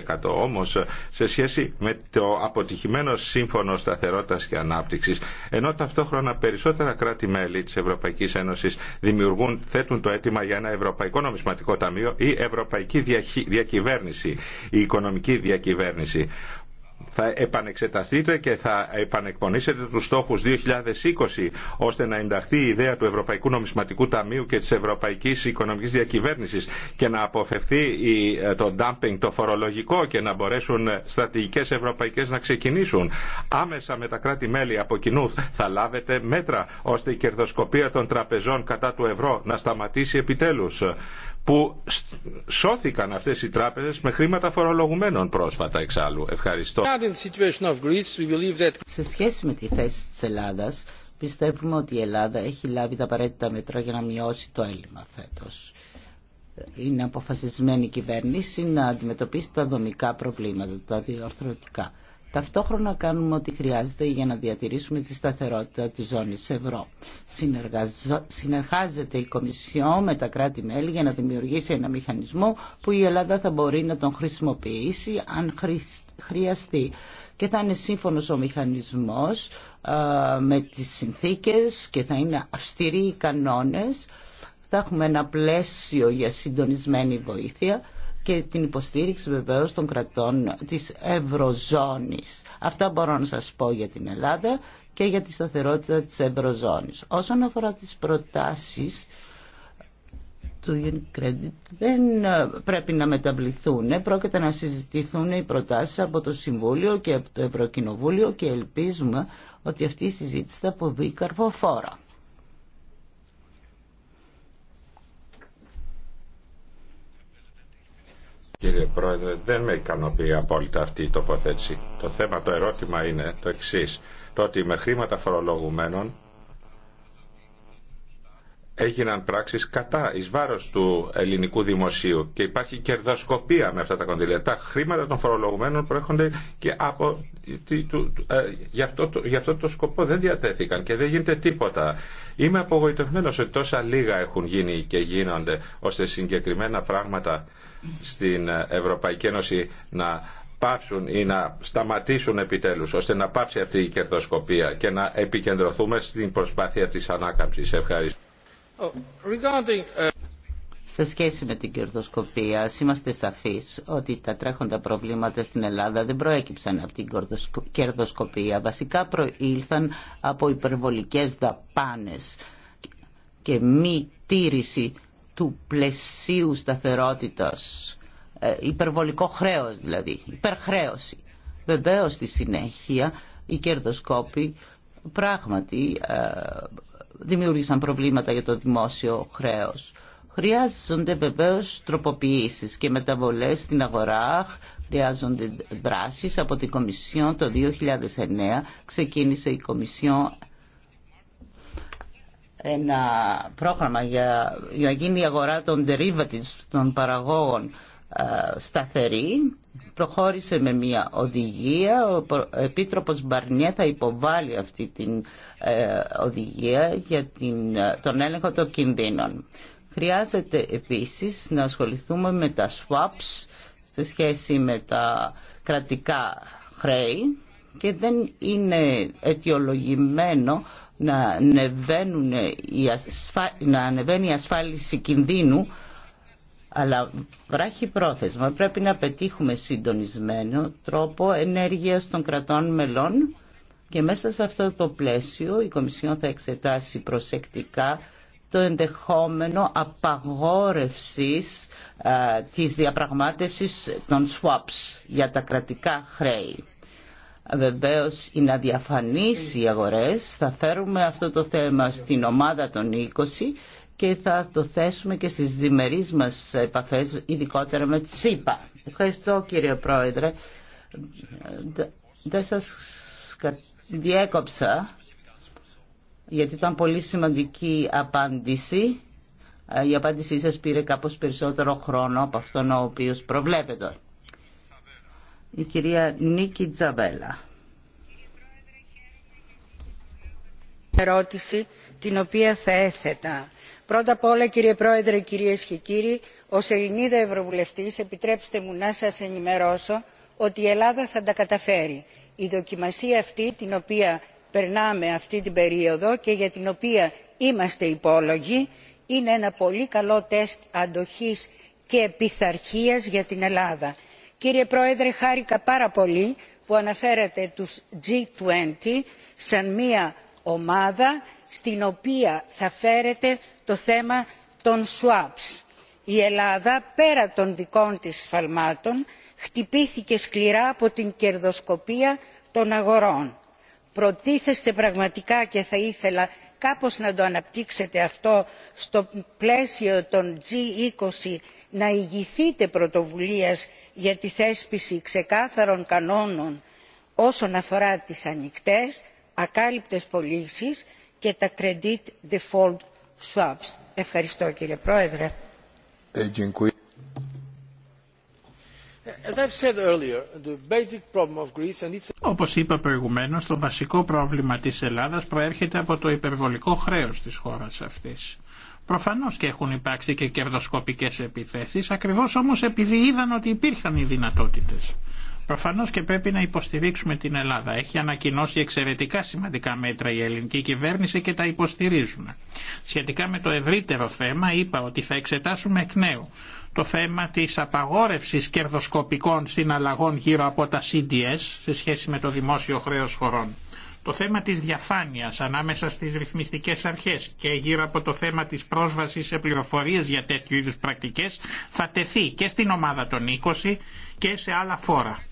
[SPEAKER 2] 3% όμως σε σχέση με το αποτυχημένο σύμφωνο σταθερότητας και ανάπτυξης ενώ ταυτόχρονα περισσότερα κράτη-μέλη της Ευρωπαϊκής Ένωσης δημιουργούν, θέτουν το αίτημα για ένα Ευρωπαϊκό Νομισματικό Ταμείο ή Ευρωπαϊκή Διακυβέρνηση, η οικονομική διακυβέρνηση θα επανεξεταστείτε και θα επανεκπονήσετε τους στόχους 2020 ώστε να ενταχθεί η ιδέα του Ευρωπαϊκού Νομισματικού Ταμείου και της Ευρωπαϊκής Οικονομικής Διακυβέρνησης και να αποφευθεί το ντάμπινγκ, το φορολογικό και να μπορέσουν στρατηγικές ευρωπαϊκές να ξεκινήσουν. Άμεσα με τα κράτη-μέλη από κοινού θα λάβετε μέτρα ώστε η κερδοσκοπία των τραπεζών κατά του ευρώ να σταματήσει επιτέλους που σώθηκαν αυτές οι τράπεζες με χρήματα φορολογουμένων πρόσφατα εξάλλου. Ευχαριστώ.
[SPEAKER 3] Σε σχέση με τη θέση της Ελλάδας, πιστεύουμε ότι η Ελλάδα έχει λάβει τα απαραίτητα μέτρα για να μειώσει το έλλειμμα φέτος. Είναι αποφασισμένη η κυβέρνηση να αντιμετωπίσει τα δομικά προβλήματα, τα διορθωτικά. Ταυτόχρονα κάνουμε ό,τι χρειάζεται για να διατηρήσουμε τη σταθερότητα της ζώνης ευρώ. Συνεργάζεται η Κομισιό με τα κράτη-μέλη για να δημιουργήσει ένα μηχανισμό που η Ελλάδα θα μπορεί να τον χρησιμοποιήσει αν χρειαστεί. Και θα είναι σύμφωνος ο μηχανισμός με τις συνθήκες και θα είναι αυστηροί οι κανόνες. Θα έχουμε ένα πλαίσιο για συντονισμένη βοήθεια και την υποστήριξη βεβαίως των κρατών της Ευρωζώνης. Αυτά μπορώ να σας πω για την Ελλάδα και για τη σταθερότητα της Ευρωζώνης. Όσον αφορά τις προτάσεις του Unicredit δεν πρέπει να μεταβληθούν. Πρόκειται να συζητηθούν οι προτάσεις από το Συμβούλιο και από το Ευρωκοινοβούλιο και ελπίζουμε ότι αυτή η συζήτηση θα αποβεί καρποφόρα.
[SPEAKER 2] Κύριε Πρόεδρε, δεν με ικανοποιεί απόλυτα αυτή η τοποθέτηση. Το θέμα, το ερώτημα είναι το εξή. Το ότι με χρήματα φορολογουμένων έγιναν πράξεις κατά εις βάρος του ελληνικού δημοσίου και υπάρχει κερδοσκοπία με αυτά τα κονδύλια. Τα χρήματα των φορολογουμένων προέρχονται και από... Ε, γι' αυτό, γι αυτό το σκοπό δεν διατέθηκαν και δεν γίνεται τίποτα. Είμαι απογοητευμένος ότι τόσα λίγα έχουν γίνει και γίνονται ώστε συγκεκριμένα πράγματα στην Ευρωπαϊκή Ένωση να πάψουν ή να σταματήσουν επιτέλους ώστε να πάψει αυτή η κερδοσκοπία και να επικεντρωθούμε στην προσπάθεια της ανάκαμψης. Ευχαριστώ.
[SPEAKER 3] Oh, uh, Σε σχέση με την κερδοσκοπία, είμαστε σαφείς ότι τα τρέχοντα προβλήματα στην Ελλάδα δεν προέκυψαν από την κερδοσκοπία. Βασικά προήλθαν από υπερβολικές δαπάνες και μη τήρηση του πλαισίου σταθερότητας, ε, υπερβολικό χρέος δηλαδή, υπερχρέωση. Βεβαίως στη συνέχεια οι κερδοσκόποι πράγματι ε, δημιούργησαν προβλήματα για το δημόσιο χρέος. Χρειάζονται βεβαίως τροποποιήσεις και μεταβολές στην αγορά, χρειάζονται δράσεις από την Κομισιόν το 2009. Ξεκίνησε η Κομισιόν ένα πρόγραμμα για, να γίνει η αγορά των derivatives των παραγόγων ε, σταθερή. Προχώρησε με μια οδηγία. Ο Επίτροπος Μπαρνιέ θα υποβάλει αυτή την ε, οδηγία για την, ε, τον έλεγχο των κινδύνων. Χρειάζεται επίσης να ασχοληθούμε με τα swaps σε σχέση με τα κρατικά χρέη και δεν είναι αιτιολογημένο να, ανεβαίνουν η να ανεβαίνει η ασφάλιση κινδύνου αλλά βράχει πρόθεσμα πρέπει να πετύχουμε συντονισμένο τρόπο ενέργειας των κρατών μελών και μέσα σε αυτό το πλαίσιο η Κομισιόν θα εξετάσει προσεκτικά το ενδεχόμενο απαγόρευσης α, της διαπραγμάτευσης των swaps για τα κρατικά χρέη. Βεβαίως είναι να οι αγορές. Θα φέρουμε αυτό το θέμα στην ομάδα των 20 και θα το θέσουμε και στις διμερείς μας επαφές, ειδικότερα με τσίπα. Ευχαριστώ κύριε Πρόεδρε. Δεν σας διέκοψα γιατί ήταν πολύ σημαντική απάντηση. Ε, η απάντησή σας πήρε κάπως περισσότερο χρόνο από αυτόν ο οποίος προβλέπεται η κυρία
[SPEAKER 4] Νίκη Τζαβέλα. Ερώτηση την οποία θα έθετα. Πρώτα απ' όλα κύριε Πρόεδρε, κυρίες και κύριοι, ω Ελληνίδα Ευρωβουλευτής επιτρέψτε μου να σας ενημερώσω ότι η Ελλάδα θα τα καταφέρει. Η δοκιμασία αυτή την οποία περνάμε αυτή την περίοδο και για την οποία είμαστε υπόλογοι είναι ένα πολύ καλό τεστ αντοχής και πειθαρχία για την Ελλάδα κύριε πρόεδρε χάρηκα πάρα πολύ που αναφέρατε τους g twenty σαν μια ομάδα στην οποία θα φέρετε το θέμα των swaps. η ελλάδα πέρα των δικών της σφαλμάτων χτυπήθηκε σκληρά από την κερδοσκοπία των αγορών. προτίθεστε πραγματικά και θα ήθελα κάπως να το αναπτύξετε αυτό στο πλαίσιο των g 20 να ηγηθείτε πρωτοβουλίας για τη θέσπιση ξεκάθαρων κανόνων όσον αφορά τις ανοιχτές ακάλυπτες πωλήσει και τα credit default swaps. Ευχαριστώ κύριε Πρόεδρε.
[SPEAKER 1] Όπως είπα προηγουμένως, το βασικό πρόβλημα της Ελλάδας προέρχεται από το υπερβολικό χρέος της χώρας αυτής. Προφανώς και έχουν υπάρξει και κερδοσκοπικέ επιθέσεις, ακριβώς όμως επειδή είδαν ότι υπήρχαν οι δυνατότητες. Προφανώς και πρέπει να υποστηρίξουμε την Ελλάδα. Έχει ανακοινώσει εξαιρετικά σημαντικά μέτρα η ελληνική κυβέρνηση και τα υποστηρίζουμε. Σχετικά με το ευρύτερο θέμα είπα ότι θα εξετάσουμε εκ νέου το θέμα της απαγόρευσης κερδοσκοπικών συναλλαγών γύρω από τα CDS σε σχέση με το δημόσιο χρέος χωρών. Το θέμα της διαφάνειας ανάμεσα στις ρυθμιστικές αρχές και γύρω από το θέμα της πρόσβασης σε πληροφορίες για τέτοιου είδους πρακτικές θα τεθεί και στην ομάδα των 20 και σε άλλα φόρα.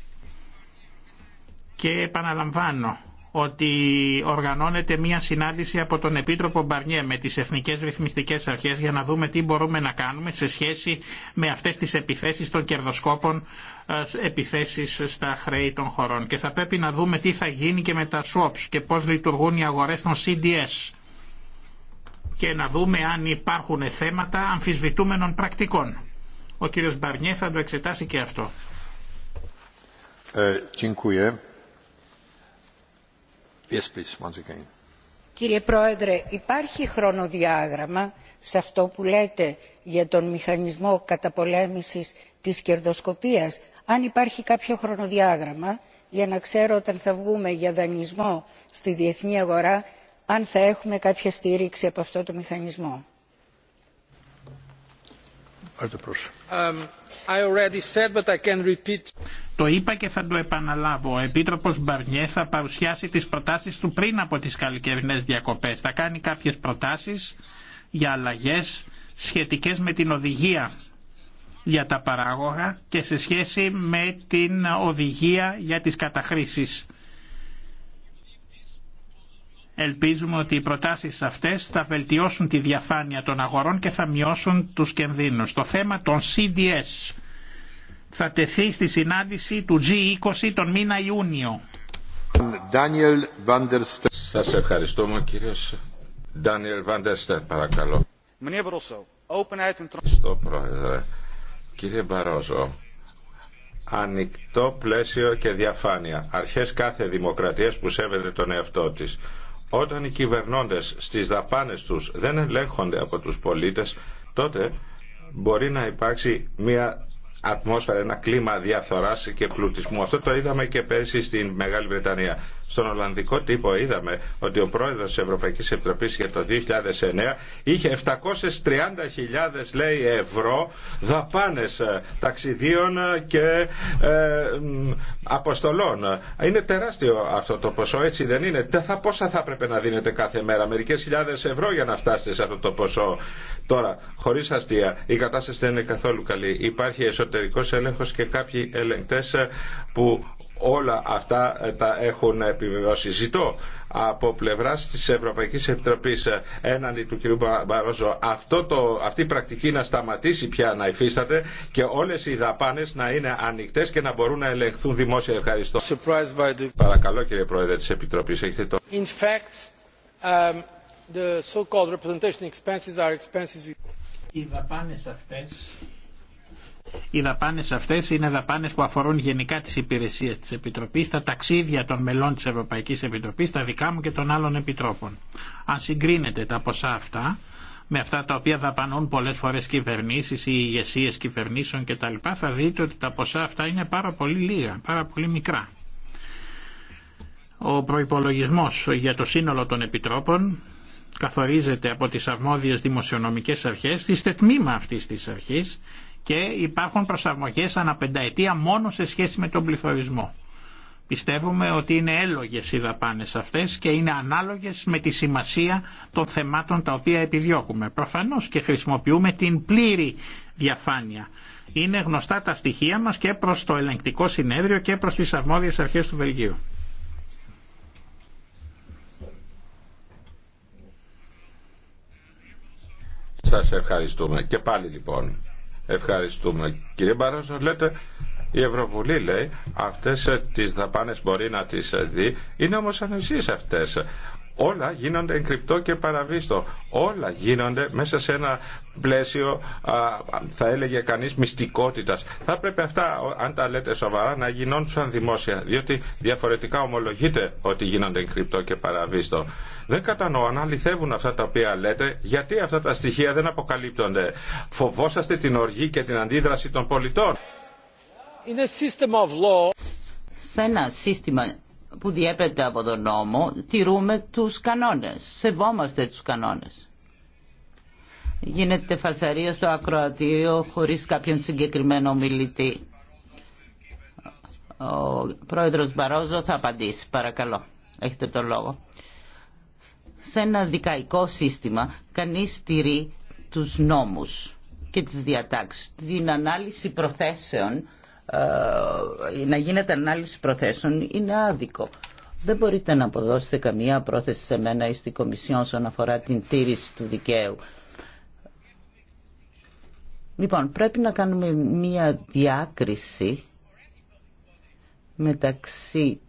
[SPEAKER 1] Και επαναλαμβάνω, ότι οργανώνεται μία συνάντηση από τον Επίτροπο Μπαρνιέ με τις Εθνικές Ρυθμιστικές Αρχές για να δούμε τι μπορούμε να κάνουμε σε σχέση με αυτές τις επιθέσεις των κερδοσκόπων, ε, επιθέσεις στα χρέη των χωρών. Και θα πρέπει να δούμε τι θα γίνει και με τα swaps και πώς λειτουργούν οι αγορές των CDS και να δούμε αν υπάρχουν θέματα αμφισβητούμενων πρακτικών. Ο κύριος Μπαρνιέ θα το εξετάσει και αυτό.
[SPEAKER 2] Ε,
[SPEAKER 4] Κύριε Πρόεδρε, υπάρχει χρονοδιάγραμμα σε αυτό που λέτε για τον μηχανισμό καταπολέμησης της κερδοσκοπίας. Αν υπάρχει κάποιο χρονοδιάγραμμα για να ξέρω όταν θα βγούμε για δανεισμό στη διεθνή αγορά αν θα έχουμε κάποια στήριξη από αυτό το μηχανισμό.
[SPEAKER 1] Το είπα και θα το επαναλάβω. Ο Επίτροπος Μπαρνιέ θα παρουσιάσει τις προτάσεις του πριν από τις καλοκαιρινές διακοπές. Θα κάνει κάποιες προτάσεις για αλλαγές σχετικές με την οδηγία για τα παράγωγα και σε σχέση με την οδηγία για τις καταχρήσεις. Ελπίζουμε ότι οι προτάσεις αυτές θα βελτιώσουν τη διαφάνεια των αγορών και θα μειώσουν τους κινδύνους. Το θέμα των CDS θα τεθεί στη συνάντηση του G20 τον μήνα
[SPEAKER 3] Ιούνιο.
[SPEAKER 2] Σας ευχαριστούμε κύριος Ντάνιελ Βαντερστερ παρακαλώ. Στο πρόεδρε, κύριε Μπαρόζο, ανοιχτό πλαίσιο και διαφάνεια, αρχές κάθε δημοκρατίας που σέβεται τον εαυτό της. Όταν οι κυβερνώντες στις δαπάνες τους δεν ελέγχονται από τους πολίτες, τότε μπορεί να υπάρξει μια ατμόσφαιρα, ένα κλίμα διαφθοράς και πλουτισμού. Αυτό το είδαμε και πέρσι στην Μεγάλη Βρετανία. Στον Ολλανδικό τύπο είδαμε ότι ο πρόεδρος της Ευρωπαϊκής Επιτροπής για το 2009 είχε 730.000 λέει ευρώ δαπάνες ε, ταξιδίων και ε, αποστολών. Είναι τεράστιο αυτό το ποσό, έτσι δεν είναι. θα πόσα θα έπρεπε να δίνετε κάθε μέρα, μερικές χιλιάδες ευρώ για να φτάσετε σε αυτό το ποσό. Τώρα, χωρίς αστεία, η κατάσταση δεν είναι καθόλου καλή. Υπάρχει εσωτερικός έλεγχος και κάποιοι ελεγκτέ ε, που όλα αυτά ε, τα έχουν επιβεβαιώσει. Ζητώ από πλευρά τη Ευρωπαϊκή Επιτροπή ε, έναντι του κ. Μπαρόζο αυτό το, αυτή η πρακτική να σταματήσει πια να υφίσταται και όλε οι δαπάνε να είναι ανοιχτέ και να μπορούν να ελεγχθούν δημόσια. Ευχαριστώ. The... Παρακαλώ κύριε Πρόεδρε τη Επιτροπή. Έχετε το. In fact, um,
[SPEAKER 1] the so expenses are expenses... Οι δαπάνες αυτές είναι δαπάνες που αφορούν γενικά τις υπηρεσίες τη Επιτροπής, τα ταξίδια των μελών της Ευρωπαϊκής Επιτροπής, τα δικά μου και των άλλων επιτρόπων. Αν συγκρίνετε τα ποσά αυτά με αυτά τα οποία δαπανούν πολλές φορές κυβερνήσει, ή ηγεσίε κυβερνήσεων κτλ. θα δείτε ότι τα ποσά αυτά είναι πάρα πολύ λίγα, πάρα πολύ μικρά. Ο προπολογισμό για το σύνολο των επιτρόπων καθορίζεται από τις αρμόδιες δημοσιονομικές αρχές, είστε τμήμα αυτής της αρχής και υπάρχουν προσαρμογές ανά πενταετία μόνο σε σχέση με τον πληθωρισμό. Πιστεύουμε ότι είναι έλογες οι δαπάνες αυτές και είναι ανάλογες με τη σημασία των θεμάτων τα οποία επιδιώκουμε. Προφανώς και χρησιμοποιούμε την πλήρη διαφάνεια. Είναι γνωστά τα στοιχεία μας και προς το ελεγκτικό συνέδριο και προς τις αρμόδιες αρχές
[SPEAKER 2] του Βελγίου. Σας ευχαριστούμε. Και πάλι λοιπόν. Ευχαριστούμε. Κύριε Μπαρόζο, λέτε, η Ευρωβουλή λέει αυτές τις δαπάνες μπορεί να τις δει. Είναι όμως ανοησίες αυτές όλα γίνονται εγκρυπτό και παραβίστο. Όλα γίνονται μέσα σε ένα πλαίσιο, θα έλεγε κανείς, μυστικότητας. Θα πρέπει αυτά, αν τα λέτε σοβαρά, να γινόντουσαν δημόσια, διότι διαφορετικά ομολογείται ότι γίνονται εγκρυπτό και παραβίστο. Δεν κατανοώ αν αληθεύουν αυτά τα οποία λέτε, γιατί αυτά τα στοιχεία δεν αποκαλύπτονται. Φοβόσαστε την οργή και την αντίδραση των πολιτών.
[SPEAKER 3] Σε ένα σύστημα που διέπεται από τον νόμο τηρούμε τους κανόνες, σεβόμαστε τους κανόνες. Γίνεται φασαρία στο ακροατήριο χωρίς κάποιον συγκεκριμένο μιλητή. Ο πρόεδρος Μπαρόζο θα απαντήσει, παρακαλώ. Έχετε το λόγο. Σε ένα δικαϊκό σύστημα κανείς τηρεί τους νόμους και τις διατάξεις. Την ανάλυση προθέσεων ε, να γίνεται ανάλυση προθέσεων είναι άδικο. Δεν μπορείτε να αποδώσετε καμία πρόθεση σε μένα ή στην Κομισιόν όσον αφορά την τήρηση του δικαίου. Λοιπόν, πρέπει να κάνουμε μία διάκριση μεταξύ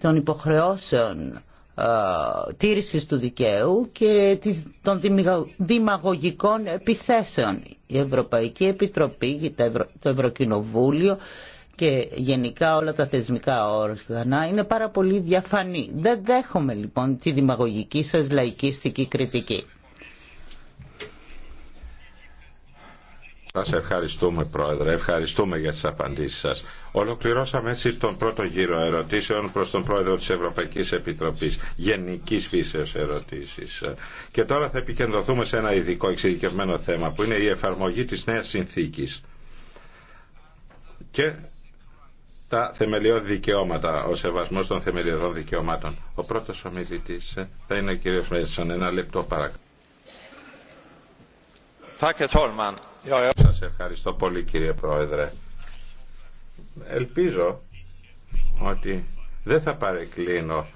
[SPEAKER 3] των υποχρεώσεων ε, τήρησης του δικαίου και των δημαγωγικών επιθέσεων. Η Ευρωπαϊκή Επιτροπή, το Ευρωκοινοβούλιο και γενικά όλα τα θεσμικά όργανα είναι πάρα πολύ διαφανή. Δεν δέχομαι λοιπόν τη δημαγωγική σας λαϊκίστικη κριτική.
[SPEAKER 2] Σας ευχαριστούμε Πρόεδρε, ευχαριστούμε για τις απαντήσεις σας. Ολοκληρώσαμε έτσι τον πρώτο γύρο ερωτήσεων προς τον Πρόεδρο της Ευρωπαϊκής Επιτροπής, γενικής φύσεως ερωτήσεις. Και τώρα θα επικεντρωθούμε σε ένα ειδικό εξειδικευμένο θέμα που είναι η εφαρμογή της νέας συνθήκης. Και τα θεμελιώδη δικαιώματα, ο σεβασμός των θεμελιωδών δικαιωμάτων. Ο πρώτος ομιλητής θα είναι ο κύριος Μέσσον. Ένα λεπτό παρακαλώ. Σας ευχαριστώ πολύ κύριε Πρόεδρε. Ελπίζω ότι δεν θα παρεκκλίνω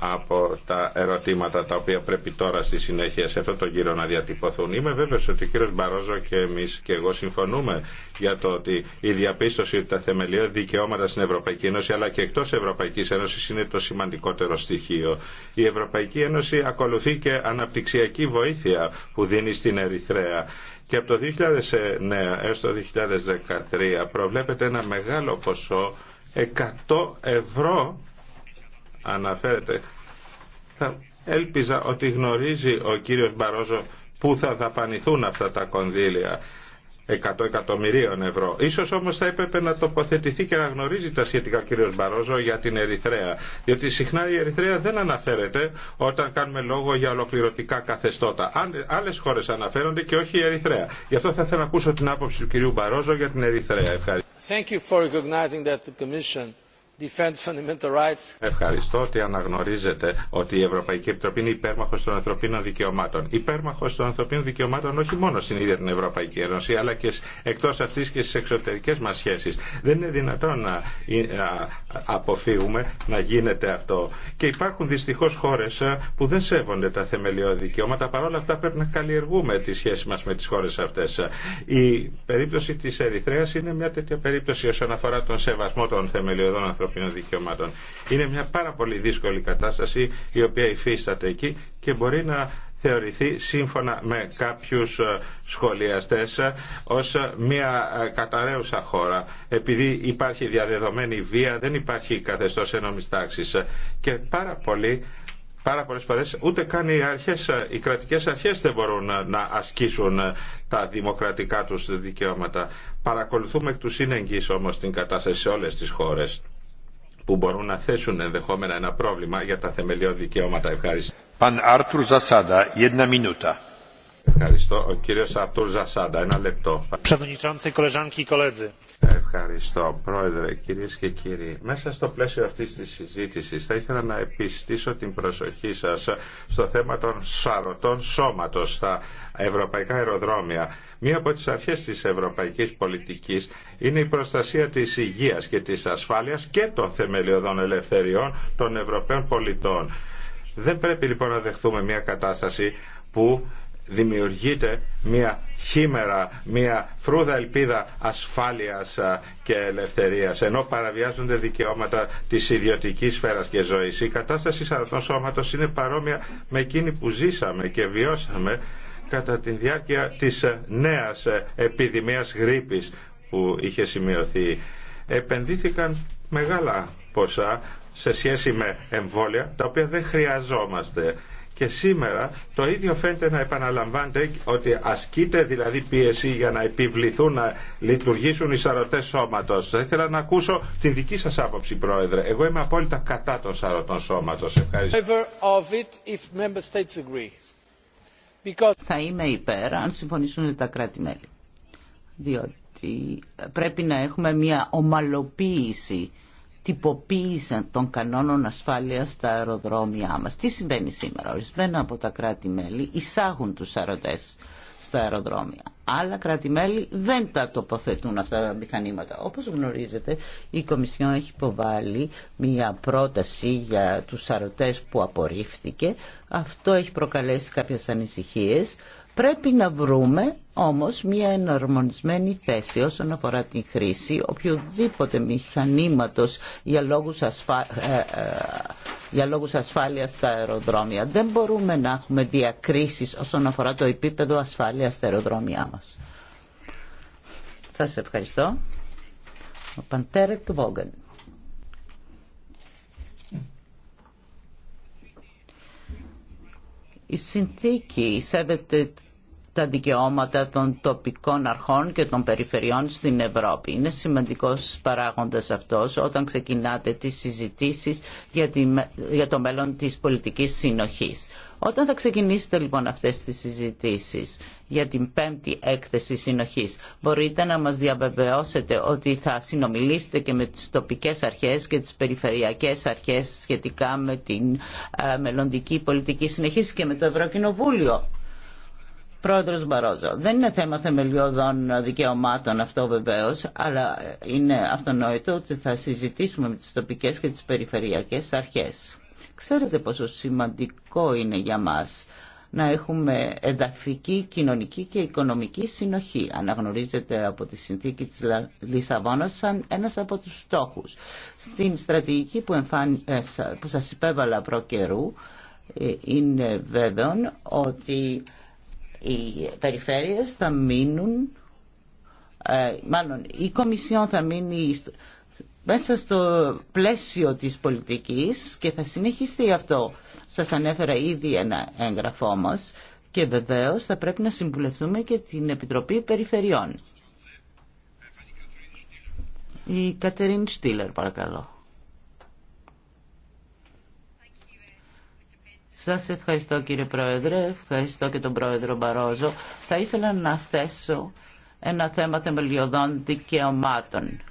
[SPEAKER 2] από τα ερωτήματα τα οποία πρέπει τώρα στη συνέχεια σε αυτό το γύρο να διατυπωθούν. Είμαι βέβαιος ότι ο κύριος Μπαρόζο και εμείς και εγώ συμφωνούμε για το ότι η διαπίστωση ότι τα θεμελιώδη δικαιώματα στην Ευρωπαϊκή Ένωση αλλά και εκτός Ευρωπαϊκής Ένωσης είναι το σημαντικότερο στοιχείο. Η Ευρωπαϊκή Ένωση ακολουθεί και αναπτυξιακή βοήθεια που δίνει στην Ερυθρέα. Και από το 2009 έως το 2013 προβλέπεται ένα μεγάλο ποσό 100 ευρώ αναφέρεται. Θα έλπιζα ότι γνωρίζει ο κύριος Μπαρόζο πού θα δαπανηθούν αυτά τα κονδύλια 100 εκατομμυρίων ευρώ. Ίσως όμως θα έπρεπε να τοποθετηθεί και να γνωρίζει τα σχετικά ο κύριος Μπαρόζο για την Ερυθρέα. Διότι συχνά η Ερυθρέα δεν αναφέρεται όταν κάνουμε λόγο για ολοκληρωτικά καθεστώτα. Άλλες χώρες αναφέρονται και όχι η Ερυθρέα. Γι' αυτό θα ήθελα να ακούσω την άποψη του κυρίου Μπαρόζο για την Ερυθρέα. Ευχαριστώ. Thank you for recognizing that the Commission Ευχαριστώ ότι αναγνωρίζετε ότι η Ευρωπαϊκή Επιτροπή είναι υπέρμαχο των ανθρωπίνων δικαιωμάτων. Υπέρμαχο των ανθρωπίνων δικαιωμάτων όχι μόνο στην ίδια την Ευρωπαϊκή Ένωση, αλλά και εκτό αυτή και στι εξωτερικέ μα σχέσει. Δεν είναι δυνατόν να ε, αποφύγουμε να γίνεται αυτό. Και υπάρχουν δυστυχώ χώρε ε, που δεν σέβονται τα θεμελιώδη δικαιώματα. παρόλα αυτά πρέπει να καλλιεργούμε τη σχέση μα με τι χώρε αυτέ. Η περίπτωση τη Ερυθρέα είναι μια τέτοια περίπτωση όσον αφορά τον σεβασμό των θεμελιωδών ανθρωπίνων δικαιωμάτων. Είναι μια πάρα πολύ δύσκολη κατάσταση η οποία υφίσταται εκεί και μπορεί να θεωρηθεί σύμφωνα με κάποιους ε, σχολιαστές ε, ως ε, μια καταραίουσα χώρα επειδή υπάρχει διαδεδομένη βία, δεν υπάρχει καθεστώς ένομης τάξης και πάρα πολύ Πάρα πολλές φορές ούτε καν οι, αρχές, οι κρατικές αρχές δεν μπορούν να ασκήσουν τα δημοκρατικά τους δικαιώματα. Παρακολουθούμε εκ του σύνεγγυς όμως την κατάσταση σε όλες τις χώρες που μπορούν να θέσουν ενδεχόμενα ένα πρόβλημα για τα θεμελιώδη δικαιώματα. Ευχαριστώ. Παν Άρτουρ Ζασάντα, ένα μινούτα. Ευχαριστώ. Ο κύριο Αρτούρ Ζασάντα, ένα λεπτό. Ευχαριστώ, Πρόεδρε, κύριε και κύριοι. Μέσα στο πλαίσιο αυτή τη συζήτηση, θα ήθελα να επιστήσω την προσοχή σα στο θέμα των σαρωτών σώματο στα ευρωπαϊκά αεροδρόμια Μία από τις αρχές της ευρωπαϊκής πολιτικής είναι η προστασία της υγείας και της ασφάλειας και των θεμελιωδών ελευθεριών των Ευρωπαίων πολιτών. Δεν πρέπει λοιπόν να δεχθούμε μια κατάσταση που δημιουργείται μια χήμερα, μια φρούδα ελπίδα ασφάλειας και ελευθερίας, ενώ παραβιάζονται δικαιώματα της ιδιωτικής σφαίρας και ζωής. Η κατάσταση σαρατών σώματος είναι παρόμοια με εκείνη που ζήσαμε και βιώσαμε κατά τη διάρκεια της ε, νέας ε, επιδημίας γρήπης που είχε σημειωθεί. Επενδύθηκαν μεγάλα ποσά σε σχέση με εμβόλια τα οποία δεν χρειαζόμαστε. Και σήμερα το ίδιο φαίνεται να επαναλαμβάνεται ότι ασκείται δηλαδή πίεση για να επιβληθούν να λειτουργήσουν οι σαρωτές σώματος. Θα ήθελα να ακούσω την δική σας άποψη Πρόεδρε. Εγώ είμαι απόλυτα κατά των σαρωτών σώματος. Ευχαριστώ.
[SPEAKER 3] Θα είμαι υπέρ αν συμφωνήσουν τα κράτη-μέλη. Διότι πρέπει να έχουμε μια ομαλοποίηση, τυποποίηση των κανόνων ασφάλειας στα αεροδρόμια μας. Τι συμβαίνει σήμερα. Ορισμένα από τα κράτη-μέλη εισάγουν τους αεροτές στα αεροδρόμια. Άλλα κράτη-μέλη δεν τα τοποθετούν αυτά τα μηχανήματα. Όπως γνωρίζετε, η Κομισιόν έχει υποβάλει μια πρόταση για τους σαρωτές που απορρίφθηκε. Αυτό έχει προκαλέσει κάποιες ανησυχίες. Πρέπει να βρούμε όμως μια εναρμονισμένη θέση όσον αφορά την χρήση οποιοδήποτε μηχανήματος για λόγους, ασφα... Ε, ε, για λόγους ασφάλειας στα αεροδρόμια. Δεν μπορούμε να έχουμε διακρίσεις όσον αφορά το επίπεδο ασφάλειας στα αεροδρόμια μας. Σας ευχαριστώ. Ο Παντέρεκ Βόγκεν. Η συνθήκη σέβεται τα δικαιώματα των τοπικών αρχών και των περιφερειών στην Ευρώπη. Είναι σημαντικός παράγοντας αυτός όταν ξεκινάτε τις συζητήσεις για το μέλλον της πολιτικής συνοχής. Όταν θα ξεκινήσετε λοιπόν αυτές τις συζητήσεις για την πέμπτη έκθεση συνοχής, μπορείτε να μας διαβεβαιώσετε ότι θα συνομιλήσετε και με τις τοπικές αρχές και τις περιφερειακές αρχές σχετικά με την ε, μελλοντική πολιτική συνοχής και με το Ευρωκοινοβούλιο. Πρόεδρο Μπαρόζο. Δεν είναι θέμα θεμελιώδων δικαιωμάτων αυτό βεβαίω, αλλά είναι αυτονόητο ότι θα συζητήσουμε με τι τοπικέ και τι περιφερειακέ αρχές. Ξέρετε πόσο σημαντικό είναι για μα να έχουμε εδαφική, κοινωνική και οικονομική συνοχή. Αναγνωρίζεται από τη συνθήκη της Λισαβόνα σαν ένας από τους στόχους. Στην στρατηγική που, εμφαν... Ε, που σας υπέβαλα προ ε, είναι βέβαιο ότι οι περιφέρειες θα μείνουν, ε, μάλλον η Κομισιόν θα μείνει μέσα στο πλαίσιο της πολιτικής και θα συνεχιστεί αυτό. Σας ανέφερα ήδη ένα έγγραφό μας και βεβαίως θα πρέπει να συμβουλευτούμε και την Επιτροπή Περιφερειών. Η Κατερίν Στίλερ, παρακαλώ. Σας ευχαριστώ κύριε Πρόεδρε, ευχαριστώ και τον Πρόεδρο Μπαρόζο. Θα ήθελα να θέσω ένα θέμα θεμελιωδών δικαιωμάτων.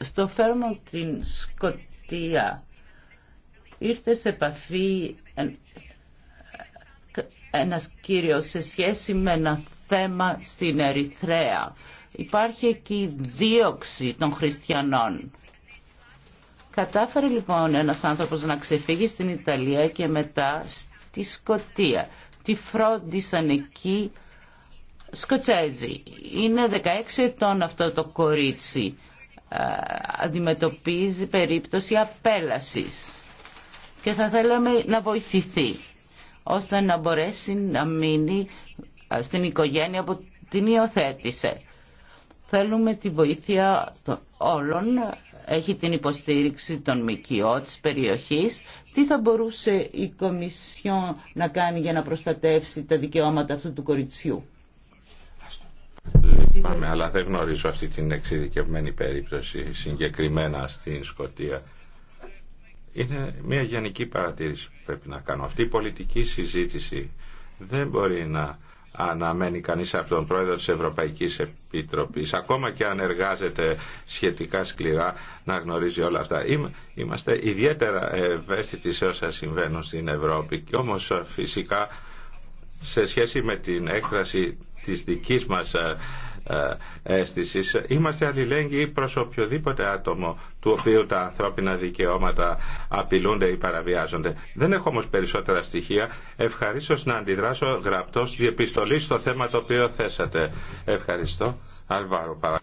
[SPEAKER 3] Στο φέρμα την Σκοτία ήρθε σε επαφή ένας κύριος σε σχέση με ένα θέμα στην Ερυθρέα. Υπάρχει εκεί δίωξη των χριστιανών Κατάφερε λοιπόν ένας άνθρωπος να ξεφύγει στην Ιταλία και μετά στη Σκοτία. Τη φρόντισαν εκεί Σκοτσέζοι. Είναι 16 ετών αυτό το κορίτσι. Αντιμετωπίζει περίπτωση απέλασης και θα θέλαμε να βοηθηθεί ώστε να μπορέσει να μείνει στην οικογένεια που την υιοθέτησε. Θέλουμε τη βοήθεια των όλων έχει την υποστήριξη των ΜΚΟ της περιοχής. Τι θα μπορούσε η Κομισιόν να κάνει για να προστατεύσει τα δικαιώματα αυτού του κοριτσιού.
[SPEAKER 2] Λυπάμαι, αλλά δεν γνωρίζω αυτή την εξειδικευμένη περίπτωση συγκεκριμένα στην Σκοτία. Είναι μια γενική παρατήρηση που πρέπει να κάνω. Αυτή η πολιτική συζήτηση δεν μπορεί να αναμένει κανείς από τον πρόεδρο της Ευρωπαϊκής Επιτροπής ακόμα και αν εργάζεται σχετικά σκληρά να γνωρίζει όλα αυτά είμαστε ιδιαίτερα ευαίσθητοι σε όσα συμβαίνουν στην Ευρώπη και όμως φυσικά σε σχέση με την έκφραση της δικής μας ε, ε, αίσθηση. Είμαστε αλληλέγγυοι προ οποιοδήποτε άτομο του οποίου τα ανθρώπινα δικαιώματα απειλούνται ή παραβιάζονται. Δεν έχω όμω περισσότερα στοιχεία. Ευχαρίστω να αντιδράσω γραπτό επιστολή στο θέμα το οποίο θέσατε. Ευχαριστώ. Αλβάρο, παρακαλώ.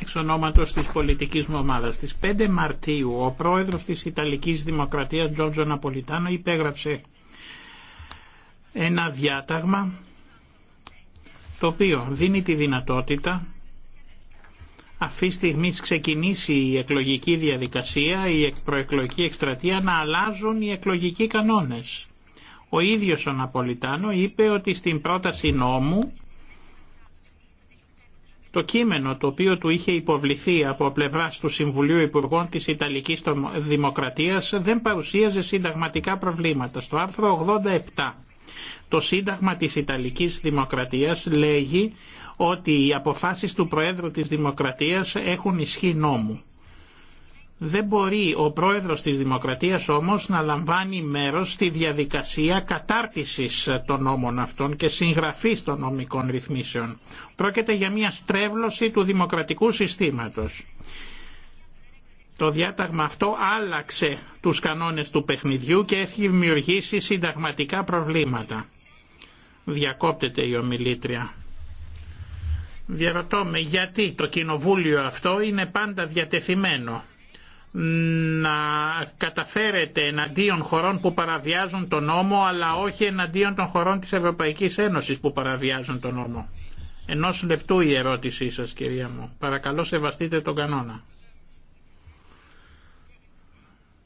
[SPEAKER 1] Εξ ονόματο τη πολιτική μου ομάδα, στι 5 Μαρτίου ο πρόεδρο τη Ιταλική Δημοκρατία Τζόρτζο Ναπολιτάνο υπέγραψε ένα διάταγμα το οποίο δίνει τη δυνατότητα αυτή τη στιγμή ξεκινήσει η εκλογική διαδικασία, η προεκλογική εκστρατεία να αλλάζουν οι εκλογικοί κανόνες. Ο ίδιος ο Ναπολιτάνο είπε ότι στην πρόταση νόμου το κείμενο το οποίο του είχε υποβληθεί από πλευρά του Συμβουλίου Υπουργών της Ιταλικής Δημοκρατίας δεν παρουσίαζε συνταγματικά προβλήματα. Στο άρθρο 87 το Σύνταγμα της Ιταλικής Δημοκρατίας λέγει ότι οι αποφάσεις του Προέδρου της Δημοκρατίας έχουν ισχύ νόμου. Δεν μπορεί ο πρόεδρος της Δημοκρατίας όμως να λαμβάνει μέρος στη διαδικασία κατάρτισης των νόμων αυτών και συγγραφής των νομικών ρυθμίσεων. Πρόκειται για μια στρέβλωση του δημοκρατικού συστήματος. Το διάταγμα αυτό άλλαξε τους κανόνες του παιχνιδιού και έχει δημιουργήσει συνταγματικά προβλήματα. Διακόπτεται η ομιλήτρια. Διαρωτώ με γιατί το κοινοβούλιο αυτό είναι πάντα διατεθειμένο να καταφέρεται εναντίον χωρών που παραβιάζουν τον νόμο αλλά όχι εναντίον των χωρών της Ευρωπαϊκής Ένωσης που παραβιάζουν τον νόμο. Ενός λεπτού η ερώτησή σας κυρία μου. Παρακαλώ σεβαστείτε τον κανόνα.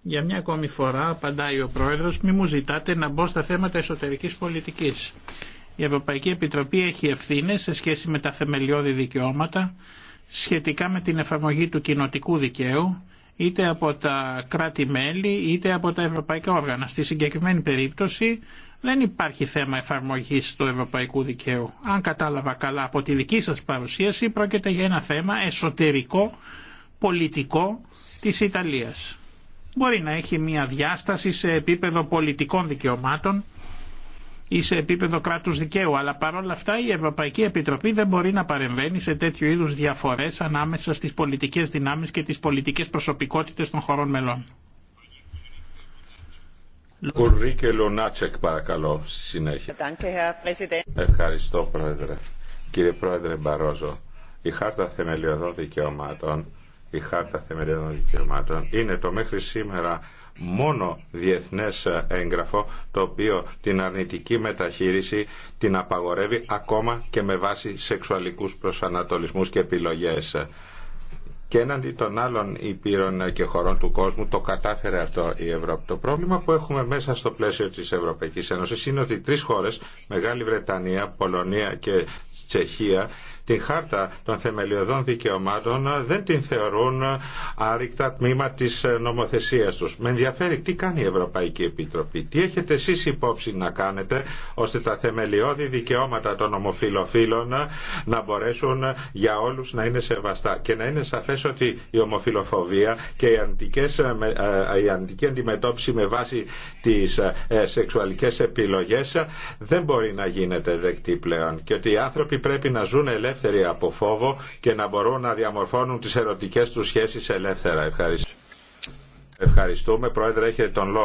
[SPEAKER 1] Για μια ακόμη φορά απαντάει ο Πρόεδρος μη μου ζητάτε να μπω στα θέματα εσωτερικής πολιτικής. Η Ευρωπαϊκή Επιτροπή έχει ευθύνε σε σχέση με τα θεμελιώδη δικαιώματα σχετικά με την εφαρμογή του κοινοτικού δικαίου είτε από τα κράτη-μέλη είτε από τα ευρωπαϊκά όργανα. Στη συγκεκριμένη περίπτωση δεν υπάρχει θέμα εφαρμογή του ευρωπαϊκού δικαίου. Αν κατάλαβα καλά από τη δική σα παρουσίαση πρόκειται για ένα θέμα εσωτερικό πολιτικό τη Ιταλίας μπορεί να έχει μια διάσταση σε επίπεδο πολιτικών δικαιωμάτων ή σε επίπεδο κράτους δικαίου, αλλά παρόλα αυτά η Ευρωπαϊκή Επιτροπή δεν μπορεί να παρεμβαίνει σε τέτοιου είδους διαφορές ανάμεσα στις πολιτικές δυνάμεις και τις πολιτικές
[SPEAKER 2] προσωπικότητες των
[SPEAKER 1] χωρών μελών.
[SPEAKER 2] Ουρρίκε Λονάτσεκ παρακαλώ στη συνέχεια. Ευχαριστώ Πρόεδρε. Κύριε Πρόεδρε Μπαρόζο, η Χάρτα Θεμελιωδών Δικαιωμάτων η Χάρτα Θεμελιωδών Δικαιωμάτων είναι το μέχρι σήμερα μόνο διεθνές έγγραφο το οποίο την αρνητική μεταχείριση την απαγορεύει ακόμα και με βάση σεξουαλικούς προσανατολισμούς και επιλογές. Και έναντι των άλλων υπήρων και χωρών του κόσμου το κατάφερε αυτό η Ευρώπη. Το πρόβλημα που έχουμε μέσα στο πλαίσιο της Ευρωπαϊκής Ένωσης είναι ότι τρεις χώρες, Μεγάλη Βρετανία, Πολωνία και Τσεχία, τη χάρτα των θεμελιωδών δικαιωμάτων δεν την θεωρούν άρρηκτα τμήμα της νομοθεσίας τους. Με ενδιαφέρει τι κάνει η Ευρωπαϊκή Επιτροπή, τι έχετε εσείς υπόψη να κάνετε ώστε τα θεμελιώδη δικαιώματα των ομοφιλοφίλων να μπορέσουν για όλους να είναι σεβαστά και να είναι σαφέ ότι η ομοφιλοφοβία και ε, η, αντική η αντιμετώπιση με βάση τις ε, σεξουαλικέ επιλογές δεν μπορεί να γίνεται δεκτή πλέον και ότι οι άνθρωποι πρέπει να ζουν ελεύθερα ελεύθεροι από φόβο και να μπορούν να διαμορφώνουν τις ερωτικές τους σχέσεις ελεύθερα. Ευχαριστούμε. Πρόεδρε, έχετε τον λόγο.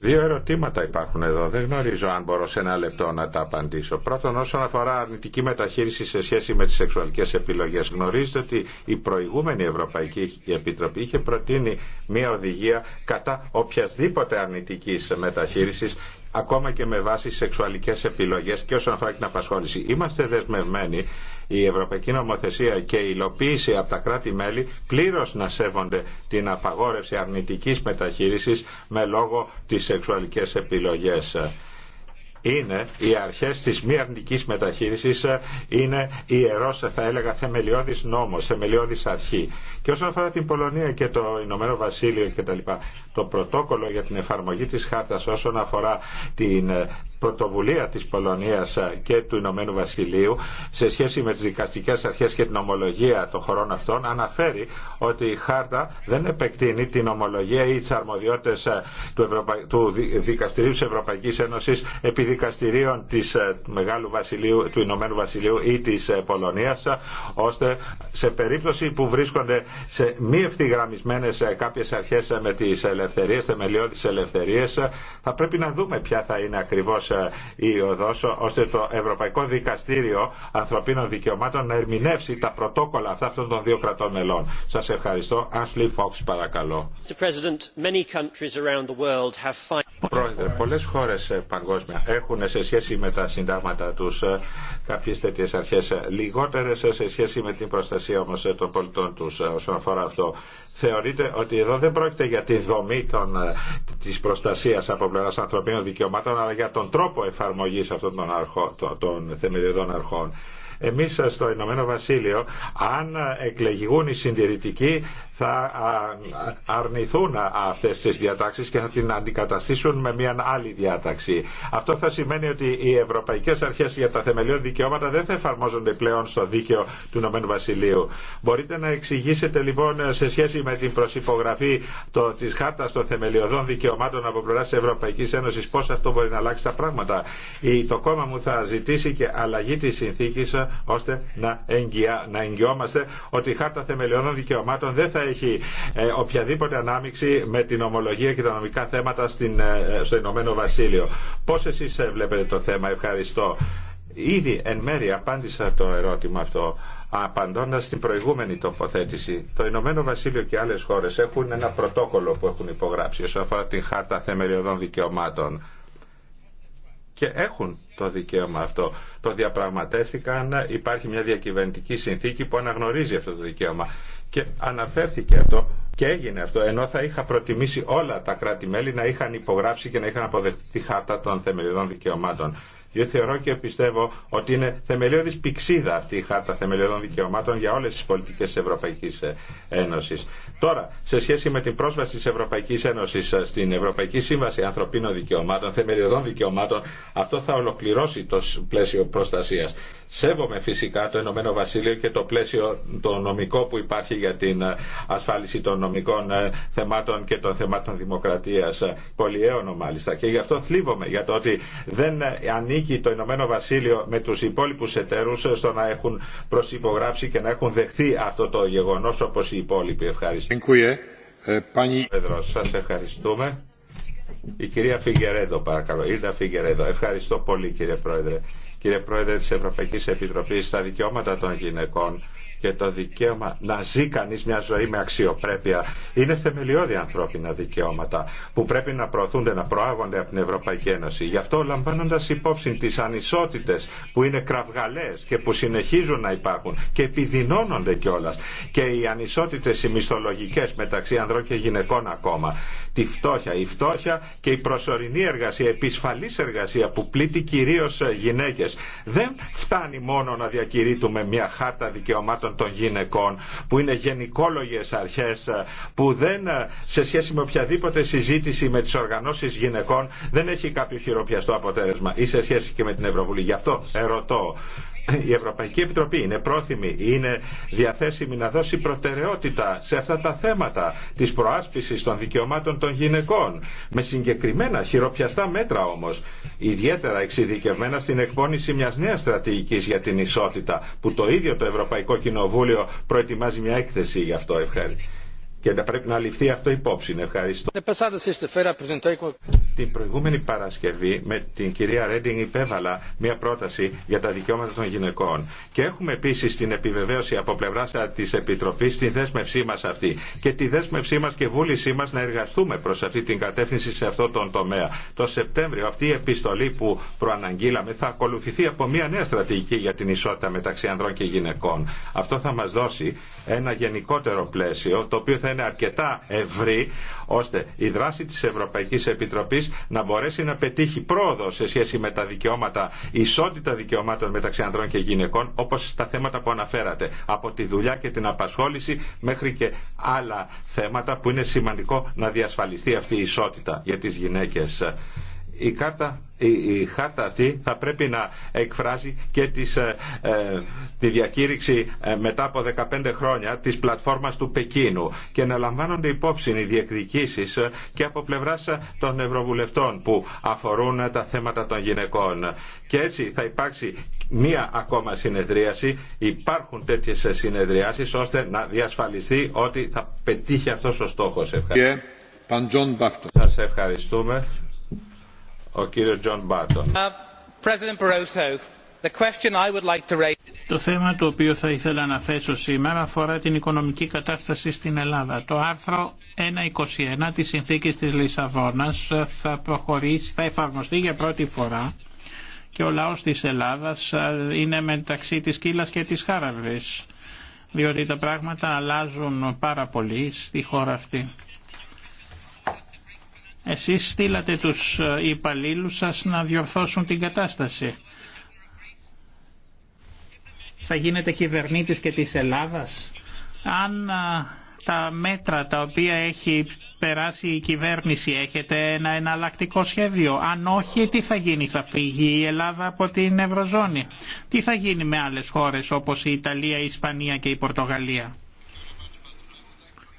[SPEAKER 2] Δύο ερωτήματα υπάρχουν εδώ. Δεν γνωρίζω αν μπορώ σε ένα λεπτό να τα απαντήσω. Πρώτον, όσον αφορά αρνητική μεταχείριση σε σχέση με τις σεξουαλικές επιλογέ. Γνωρίζετε ότι η προηγούμενη Ευρωπαϊκή Επιτροπή είχε προτείνει μια οδηγία κατά οποιασδήποτε αρνητική μεταχείριση ακόμα και με βάση σεξουαλικές επιλογές και όσον αφορά την απασχόληση. Είμαστε δεσμευμένοι η Ευρωπαϊκή Νομοθεσία και η υλοποίηση από τα κράτη-μέλη πλήρως να σέβονται την απαγόρευση αρνητικής μεταχείρισης με λόγο τις σεξουαλικές επιλογές είναι οι αρχές της μη αρνητικής μεταχείρισης ε, είναι ιερός ε, θα έλεγα θεμελιώδης νόμος, θεμελιώδης αρχή. Και όσον αφορά την Πολωνία και το Ηνωμένο Βασίλειο κτλ. Το πρωτόκολλο για την εφαρμογή της χάρτας όσον αφορά την, ε, πρωτοβουλία της Πολωνίας και του Ηνωμένου Βασιλείου σε σχέση με τις δικαστικές αρχές και την ομολογία των χωρών αυτών αναφέρει ότι η χάρτα δεν επεκτείνει την ομολογία ή τις αρμοδιότητες ε, του, του Δικαστηρίου της Ευρωπαϊκής Ένωσης επί δικαστηρίων της ε, Μεγάλου Βασιλείου, του Ηνωμένου Βασιλείου ή της ε, Πολωνίας ώστε σε περίπτωση που βρίσκονται σε μη ευθυγραμμισμένες κάποιες αρχές με τις ελευθερίες, θεμελιώδεις ελευθερίες θα πρέπει να δούμε ποια θα είναι ακριβώς ε, η οδός ώστε το Ευρωπαϊκό Δικαστήριο Ανθρωπίνων Δικαιωμάτων να ερμηνεύσει τα πρωτόκολλα αυτά αυτών των δύο κρατών μελών. Σα ευχαριστώ. Ashley Fox παρακαλώ. Πρόεδρε, Πολλέ χώρε ε, παγκόσμια έχουν σε σχέση με τα συντάγματα του ε, κάποιε τέτοιε αρχέ λιγότερε σε σχέση με την προστασία όμω των πολιτών του όσον αφορά αυτό θεωρείται ότι εδώ δεν πρόκειται για τη δομή των, ε, της προστασίας από πλευράς ανθρωπίνων δικαιωμάτων αλλά για τον τρόπο εφαρμογής αυτών των, αρχών, των θεμελιωδών αρχών. Εμείς στο Ηνωμένο Βασίλειο, αν εκλεγηγούν οι συντηρητικοί, θα αρνηθούν αυτές τις διατάξεις και θα την αντικαταστήσουν με μια άλλη διάταξη. Αυτό θα σημαίνει ότι οι ευρωπαϊκές αρχές για τα θεμελιώδη δικαιώματα δεν θα εφαρμόζονται πλέον στο δίκαιο του Ηνωμένου Βασιλείου. Μπορείτε να εξηγήσετε λοιπόν σε σχέση με την προσυπογραφή το, της Χάρτας των Θεμελιωδών Δικαιωμάτων από πλευρά της Ευρωπαϊκής Ένωσης πώς αυτό μπορεί να αλλάξει τα πράγματα. Η, το κόμμα μου θα ζητήσει και αλλαγή τη συνθήκης ώστε να, εγγυά, να εγγυόμαστε ότι η Χάρτα Θεμελιωδών Δικαιωμάτων δεν θα έχει ε, οποιαδήποτε ανάμειξη με την ομολογία και τα νομικά θέματα στην, ε, στο Ηνωμένο Βασίλειο. Πώς εσείς βλέπετε το θέμα, ευχαριστώ. Ήδη εν μέρει απάντησα το ερώτημα αυτό απαντώντα στην προηγούμενη τοποθέτηση. Το Ηνωμένο Βασίλειο και άλλε χώρε έχουν ένα πρωτόκολλο που έχουν υπογράψει όσον αφορά την Χάρτα Θεμελιωδών Δικαιωμάτων και έχουν το δικαίωμα αυτό. Το διαπραγματεύτηκαν, υπάρχει μια διακυβερνητική συνθήκη που αναγνωρίζει αυτό το δικαίωμα. Και αναφέρθηκε αυτό και έγινε αυτό, ενώ θα είχα προτιμήσει όλα τα κράτη-μέλη να είχαν υπογράψει και να είχαν αποδεχτεί τη χάρτα των θεμελιωδών δικαιωμάτων. Διότι θεωρώ και πιστεύω ότι είναι θεμελιώδη πηξίδα αυτή η χάρτα θεμελιωδών δικαιωμάτων για όλε τι πολιτικέ τη Ευρωπαϊκής ε, Ένωσης. Τώρα, σε σχέση με την πρόσβαση τη Ευρωπαϊκή Ένωση ε, στην Ευρωπαϊκή Σύμβαση Ανθρωπίνων Δικαιωμάτων, θεμελιωδών δικαιωμάτων, αυτό θα ολοκληρώσει το πλαίσιο προστασία. Σέβομαι φυσικά το Ενωμένο Βασίλειο και το πλαίσιο το νομικό που υπάρχει για την ε, ασφάλιση των νομικών θεμάτων και των θεμάτων δημοκρατία πολυαίωνο μάλιστα. Και γι' αυτό θλίβομαι για το ότι δεν ανήκει ανήκει το Ηνωμένο Βασίλειο με τους υπόλοιπους εταίρους ε, στο να έχουν προσυπογράψει και να έχουν δεχθεί αυτό το γεγονός όπως οι υπόλοιποι. Ευχαριστώ. Ε, Πέτρο, σας ευχαριστούμε. Η κυρία Φιγκερέδο, παρακαλώ. ήρθα Φιγκερέδο. Ευχαριστώ πολύ, κύριε Πρόεδρε. Κύριε Πρόεδρε της Ευρωπαϊκής Επιτροπής, στα δικαιώματα των γυναικών και το δικαίωμα να ζει κανεί μια ζωή με αξιοπρέπεια είναι θεμελιώδη ανθρώπινα δικαιώματα που πρέπει να προωθούνται, να προάγονται από την Ευρωπαϊκή Ένωση. Γι' αυτό λαμβάνοντα υπόψη τι ανισότητε που είναι κραυγαλέ και που συνεχίζουν να υπάρχουν και επιδεινώνονται κιόλα και οι ανισότητε οι μισθολογικέ μεταξύ ανδρών και γυναικών ακόμα τη φτώχεια. Η φτώχεια και η προσωρινή εργασία, η επισφαλής εργασία που πλήττει κυρίως ε, γυναίκες. Δεν φτάνει μόνο να διακηρύττουμε μια χάρτα δικαιωμάτων των γυναικών που είναι γενικόλογες αρχές ε, που δεν ε, σε σχέση με οποιαδήποτε συζήτηση με τις οργανώσεις γυναικών δεν έχει κάποιο χειροπιαστό αποτέλεσμα ή σε σχέση και με την Ευρωβουλή. Γι' αυτό ερωτώ η Ευρωπαϊκή Επιτροπή είναι πρόθυμη, είναι διαθέσιμη να δώσει προτεραιότητα σε αυτά τα θέματα της προάσπισης των δικαιωμάτων των γυναικών με συγκεκριμένα χειροπιαστά μέτρα όμως ιδιαίτερα εξειδικευμένα στην εκπόνηση μιας νέας στρατηγικής για την ισότητα που το ίδιο το Ευρωπαϊκό Κοινοβούλιο προετοιμάζει μια έκθεση γι' αυτό ευχαριστώ και να πρέπει να ληφθεί αυτό υπόψη. Ευχαριστώ. Την προηγούμενη Παρασκευή με την κυρία Ρέντινγκ υπέβαλα μια πρόταση για τα δικαιώματα των γυναικών. Και έχουμε επίση την επιβεβαίωση από πλευρά τη Επιτροπή στη δέσμευσή μα αυτή και τη δέσμευσή μα και βούλησή μα να εργαστούμε προ αυτή την κατεύθυνση σε αυτό τον τομέα. Το Σεπτέμβριο αυτή η επιστολή που προαναγγείλαμε θα ακολουθηθεί από μια νέα στρατηγική για την ισότητα μεταξύ ανδρών και γυναικών. Αυτό θα μα δώσει ένα γενικότερο πλαίσιο το οποίο θα είναι αρκετά ευρύ ώστε η δράση της Ευρωπαϊκής Επιτροπής να μπορέσει να πετύχει πρόοδο σε σχέση με τα δικαιώματα, ισότητα δικαιωμάτων μεταξύ ανδρών και γυναικών, όπως στα θέματα που αναφέρατε, από τη δουλειά και την απασχόληση μέχρι και άλλα θέματα που είναι σημαντικό να διασφαλιστεί αυτή η ισότητα για τις γυναίκες η, κάρτα, η, χάρτα αυτή θα πρέπει να εκφράζει και τις, ε, ε, τη διακήρυξη ε, μετά από 15 χρόνια της πλατφόρμας του Πεκίνου και να λαμβάνονται υπόψη οι διεκδικήσεις και από πλευράς των Ευρωβουλευτών που αφορούν τα θέματα των γυναικών. Και έτσι θα υπάρξει μία ακόμα συνεδρίαση, υπάρχουν τέτοιες συνεδριάσεις ώστε να διασφαλιστεί ότι θα πετύχει αυτός ο στόχος. Ευχαριστώ. ευχαριστούμε. Uh,
[SPEAKER 1] το θέμα το οποίο θα ήθελα να θέσω σήμερα αφορά την οικονομική κατάσταση στην Ελλάδα. Το άρθρο 1.21 της Συνθήκης της Λισαβόνας ε, θα, προχωρήσει, θα εφαρμοστεί για πρώτη φορά και ο λαός της Ελλάδας ε, είναι μεταξύ της Κύλας και της Χάραβης διότι τα πράγματα αλλάζουν πάρα πολύ στη χώρα αυτή. Εσείς στείλατε τους ε, υπαλλήλους σας να διορθώσουν την κατάσταση. Θα γίνετε κυβερνήτης και της Ελλάδας. Αν ε, τα μέτρα τα οποία έχει περάσει η κυβέρνηση έχετε ένα εναλλακτικό σχέδιο. Αν όχι, τι θα γίνει, θα φύγει η Ελλάδα από την Ευρωζώνη. Τι θα γίνει με άλλες χώρες όπως η Ιταλία, η Ισπανία και η Πορτογαλία.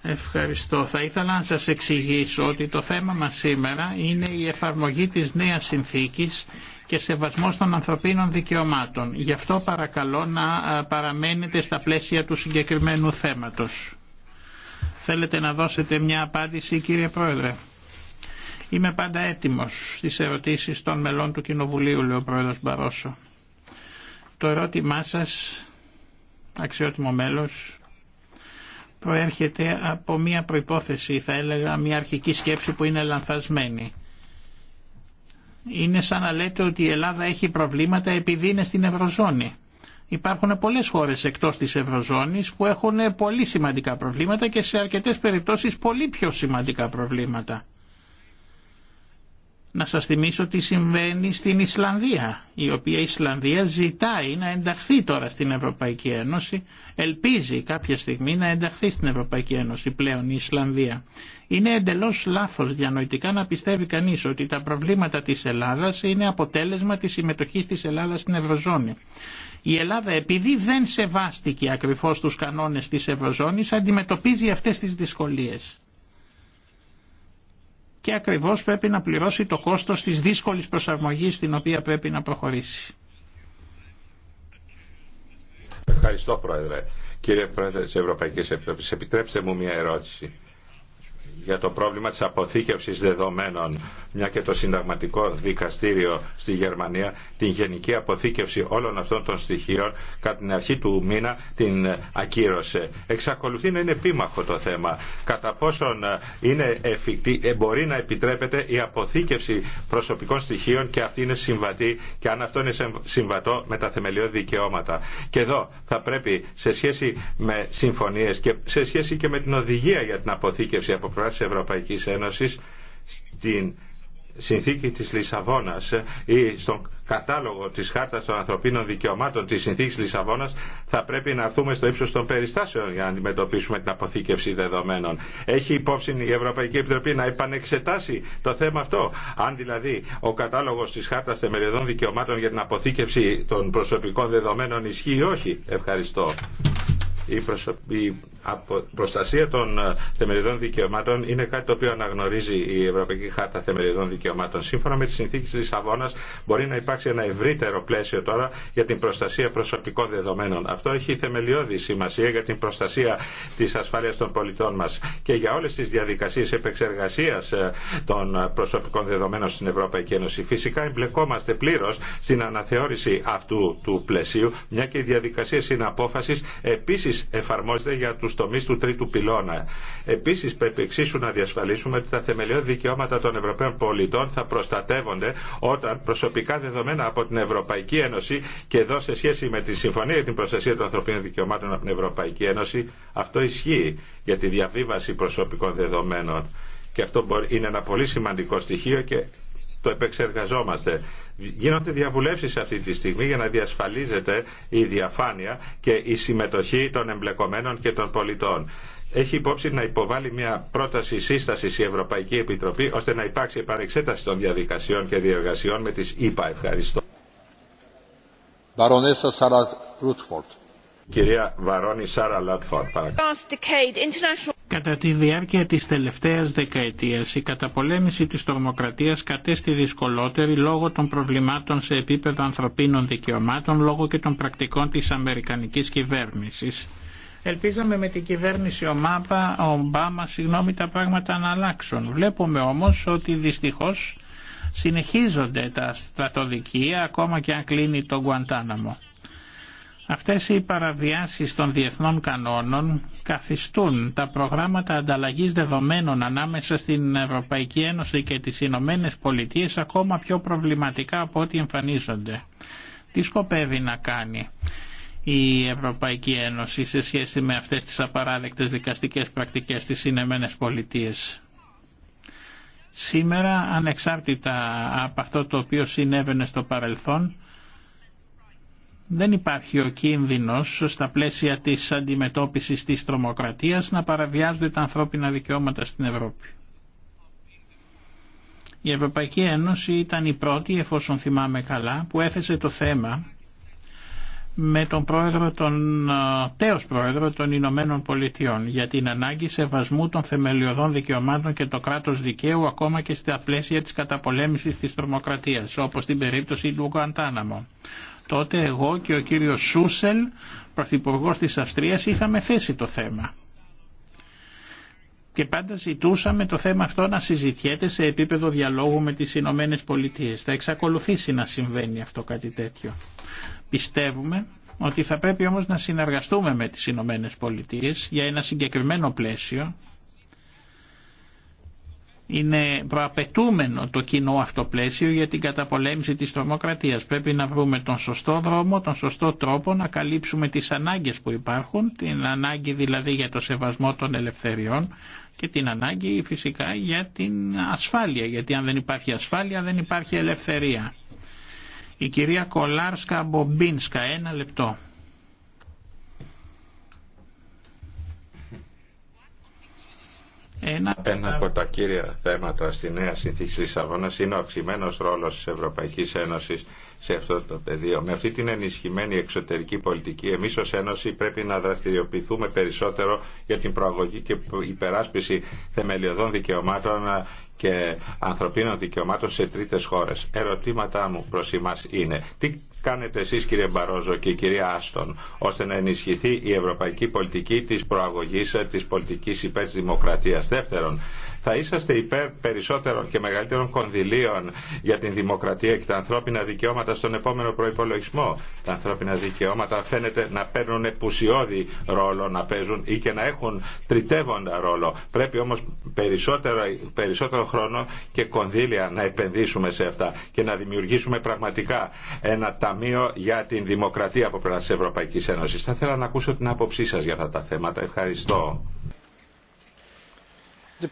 [SPEAKER 1] Ευχαριστώ. Θα ήθελα να σας εξηγήσω ότι το θέμα μας σήμερα είναι η εφαρμογή της νέας συνθήκης και σεβασμός των ανθρωπίνων δικαιωμάτων. Γι' αυτό παρακαλώ να ε, παραμένετε στα πλαίσια του συγκεκριμένου θέματος. Θέλετε να δώσετε μια απάντηση κύριε Πρόεδρε. Είμαι πάντα έτοιμος στις ερωτήσεις των μελών του Κοινοβουλίου, λέει ο Πρόεδρος Μπαρόσο. Το ερώτημά σας, αξιότιμο μέλος, προέρχεται από μια προϋπόθεση, θα έλεγα μια αρχική σκέψη που είναι λανθασμένη. Είναι σαν να λέτε ότι η Ελλάδα έχει προβλήματα επειδή είναι στην Ευρωζώνη. Υπάρχουν πολλές χώρες εκτός της Ευρωζώνης που έχουν πολύ σημαντικά προβλήματα και σε αρκετές περιπτώσεις πολύ πιο σημαντικά προβλήματα. Να σας θυμίσω τι συμβαίνει στην Ισλανδία, η οποία η Ισλανδία ζητάει να ενταχθεί τώρα στην Ευρωπαϊκή Ένωση, ελπίζει κάποια στιγμή να ενταχθεί στην Ευρωπαϊκή Ένωση πλέον η Ισλανδία. Είναι εντελώς λάθος διανοητικά να πιστεύει κανείς ότι τα προβλήματα της Ελλάδας είναι αποτέλεσμα της συμμετοχής της Ελλάδας στην Ευρωζώνη. Η Ελλάδα επειδή δεν σεβάστηκε ακριβώς τους κανόνες της Ευρωζώνης αντιμετωπίζει αυτές τις δυσκολίες και ακριβώς πρέπει να πληρώσει το κόστος της δύσκολης προσαρμογής στην οποία πρέπει να προχωρήσει.
[SPEAKER 2] Ευχαριστώ Πρόεδρε. Κύριε Πρόεδρε της Ευρωπαϊκής Επιτροπής, επιτρέψτε μου μια ερώτηση για το πρόβλημα της αποθήκευσης δεδομένων, μια και το συνταγματικό δικαστήριο στη Γερμανία, την γενική αποθήκευση όλων αυτών των στοιχείων κατά την αρχή του μήνα την ακύρωσε. Εξακολουθεί να είναι επίμαχο το θέμα. Κατά πόσον ε, είναι εφικτή, ε, μπορεί να επιτρέπεται η αποθήκευση προσωπικών στοιχείων και αυτή είναι συμβατή και αν αυτό είναι συμβατό με τα θεμελιώδη δικαιώματα. Και εδώ θα πρέπει σε σχέση με συμφωνίες και σε σχέση και με την οδηγία για την αποθήκευση από της Ευρωπαϊκής Ένωσης στην συνθήκη της Λισαβόνας ή στον κατάλογο της Χάρτας των Ανθρωπίνων Δικαιωμάτων της Συνθήκης Λισαβόνας θα πρέπει να έρθουμε στο ύψος των περιστάσεων για να αντιμετωπίσουμε την αποθήκευση δεδομένων. Έχει υπόψη η Ευρωπαϊκή Επιτροπή να επανεξετάσει το θέμα αυτό. Αν δηλαδή ο κατάλογος της Χάρτας Θεμελιωδών Δικαιωμάτων για την αποθήκευση των προσωπικών δεδομένων ισχύει ή όχι. Ευχαριστώ. Η από προστασία των ε, θεμελιδών δικαιωμάτων είναι κάτι το οποίο αναγνωρίζει η Ευρωπαϊκή Χάρτα Θεμελιδών Δικαιωμάτων. Σύμφωνα με τι συνθήκε τη Λισαβόνα, μπορεί να υπάρξει ένα ευρύτερο πλαίσιο τώρα για την προστασία προσωπικών δεδομένων. Αυτό έχει θεμελιώδη σημασία για την προστασία τη ασφάλεια των πολιτών μα και για όλε τι διαδικασίε επεξεργασία ε, των προσωπικών δεδομένων στην Ευρωπαϊκή Ένωση. Φυσικά εμπλεκόμαστε πλήρω στην αναθεώρηση αυτού του πλαισίου, μια και η διαδικασίε συναπόφαση επίση εφαρμόζεται για του στους τομείς του τρίτου πυλώνα. Επίσης πρέπει εξίσου να διασφαλίσουμε ότι τα θεμελιώδη δικαιώματα των Ευρωπαίων πολιτών θα προστατεύονται όταν προσωπικά δεδομένα από την Ευρωπαϊκή Ένωση και εδώ σε σχέση με τη Συμφωνία για την Προστασία των Ανθρωπίνων Δικαιωμάτων από την Ευρωπαϊκή Ένωση αυτό ισχύει για τη διαβίβαση προσωπικών δεδομένων. Και αυτό είναι ένα πολύ σημαντικό στοιχείο και το επεξεργαζόμαστε. Γίνονται διαβουλεύσεις αυτή τη στιγμή για να διασφαλίζεται η διαφάνεια και η συμμετοχή των εμπλεκομένων και των πολιτών έχει υπόψη να υποβάλει μια πρόταση σύσταση η Ευρωπαϊκή Επιτροπή ώστε να υπάρξει επαρεξέταση των διαδικασιών και διεργασιών με τις ΗΠΑ. Ευχαριστώ. Κυρία Σάρα Λάτφορντ,
[SPEAKER 1] Κατά τη διάρκεια της τελευταίας δεκαετίας, η καταπολέμηση της τρομοκρατίας κατέστη δυσκολότερη λόγω των προβλημάτων σε επίπεδο ανθρωπίνων δικαιωμάτων, λόγω και των πρακτικών της Αμερικανικής κυβέρνησης. Ελπίζαμε με την κυβέρνηση Ομάπα, Ομπάμα συγγνώμη, τα πράγματα να αλλάξουν. Βλέπουμε όμως ότι δυστυχώς συνεχίζονται τα στρατοδικεία ακόμα και αν κλείνει τον Γκουαντάναμο. Αυτές οι παραβιάσεις των διεθνών κανόνων καθιστούν τα προγράμματα ανταλλαγής δεδομένων ανάμεσα στην Ευρωπαϊκή Ένωση και τις Ηνωμένε Πολιτείε ακόμα πιο προβληματικά από ό,τι εμφανίζονται. Τι σκοπεύει να κάνει η Ευρωπαϊκή Ένωση σε σχέση με αυτές τις απαράδεκτες δικαστικές πρακτικές στις Ηνωμένε Πολιτείε. Σήμερα, ανεξάρτητα από αυτό το οποίο συνέβαινε στο παρελθόν, δεν υπάρχει ο κίνδυνος στα πλαίσια της αντιμετώπισης της τρομοκρατίας να παραβιάζονται τα ανθρώπινα δικαιώματα στην Ευρώπη. Η Ευρωπαϊκή Ένωση ήταν η πρώτη, εφόσον θυμάμαι καλά, που έθεσε το θέμα με τον πρόεδρο των, τέος πρόεδρο των Ηνωμένων Πολιτειών για την ανάγκη σεβασμού των θεμελιωδών δικαιωμάτων και το κράτος δικαίου ακόμα και στα πλαίσια της καταπολέμησης της τρομοκρατίας όπως στην περίπτωση του Γκαντάναμο. Τότε εγώ και ο κύριος Σούσελ, πρωθυπουργός της Αυστρίας, είχαμε θέσει το θέμα. Και πάντα ζητούσαμε το θέμα αυτό να συζητιέται σε επίπεδο διαλόγου με τις Ηνωμένε Πολιτείες. Θα εξακολουθήσει να συμβαίνει αυτό κάτι τέτοιο. Πιστεύουμε ότι θα πρέπει όμως να συνεργαστούμε με τις Ηνωμένε Πολιτείες για ένα συγκεκριμένο πλαίσιο είναι προαπαιτούμενο το κοινό αυτό για την καταπολέμηση της τρομοκρατίας. Πρέπει να βρούμε τον σωστό δρόμο, τον σωστό τρόπο να καλύψουμε τις ανάγκες που υπάρχουν, την ανάγκη δηλαδή για το σεβασμό των ελευθεριών και την ανάγκη φυσικά για την ασφάλεια, γιατί αν δεν υπάρχει ασφάλεια δεν υπάρχει ελευθερία. Η κυρία Κολάρσκα Μπομπίνσκα, ένα λεπτό.
[SPEAKER 2] Ένα... από τα κύρια θέματα στη νέα συνθήκη Λισαβόνα είναι ο αυξημένο ρόλος της Ευρωπαϊκής Ένωσης σε αυτό το πεδίο. Με αυτή την ενισχυμένη εξωτερική πολιτική, εμεί ω Ένωση πρέπει να δραστηριοποιηθούμε περισσότερο για την προαγωγή και υπεράσπιση θεμελιωδών δικαιωμάτων και ανθρωπίνων δικαιωμάτων σε τρίτε χώρε. Ερωτήματά μου προ εμά είναι, τι κάνετε εσεί κύριε Μπαρόζο και κυρία Άστον, ώστε να ενισχυθεί η ευρωπαϊκή πολιτική τη προαγωγή τη πολιτική υπέρ τη δημοκρατία. Δεύτερον, θα είσαστε υπέρ περισσότερων και μεγαλύτερων κονδυλίων για την δημοκρατία και τα ανθρώπινα δικαιώματα στον επόμενο προπολογισμό. Τα ανθρώπινα δικαιώματα φαίνεται να παίρνουν επουσιώδη ρόλο να παίζουν ή και να έχουν τριτεύοντα ρόλο. Πρέπει όμω περισσότερο, περισσότερο χρόνο και κονδύλια να επενδύσουμε σε αυτά και να δημιουργήσουμε πραγματικά ένα ταμείο για την δημοκρατία από πλευρά τη Ευρωπαϊκή Ένωση. Θα ήθελα να ακούσω την άποψή σα για αυτά τα θέματα. Ευχαριστώ. Η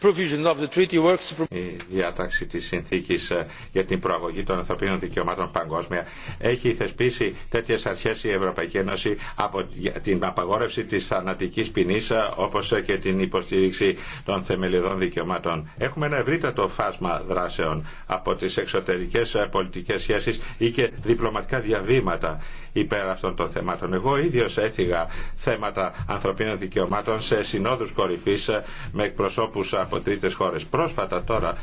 [SPEAKER 2] διάταξη της συνθήκης ε, για την προαγωγή των ανθρωπίνων δικαιωμάτων παγκόσμια έχει θεσπίσει τέτοιες αρχές η Ευρωπαϊκή Ένωση από την απαγόρευση της θανατικής ποινής ε, όπως και την υποστήριξη των θεμελιωδών δικαιωμάτων. Έχουμε ένα ευρύτατο φάσμα δράσεων από τις εξωτερικές ε, πολιτικές σχέσεις ή και διπλωματικά διαβήματα υπέρ αυτών των θεμάτων. Εγώ ίδιος έφυγα θέματα ανθρωπίνων δικαιωμάτων σε συνόδους κορυφής με εκπροσώπους από τρίτες χώρες. Πρόσφατα τώρα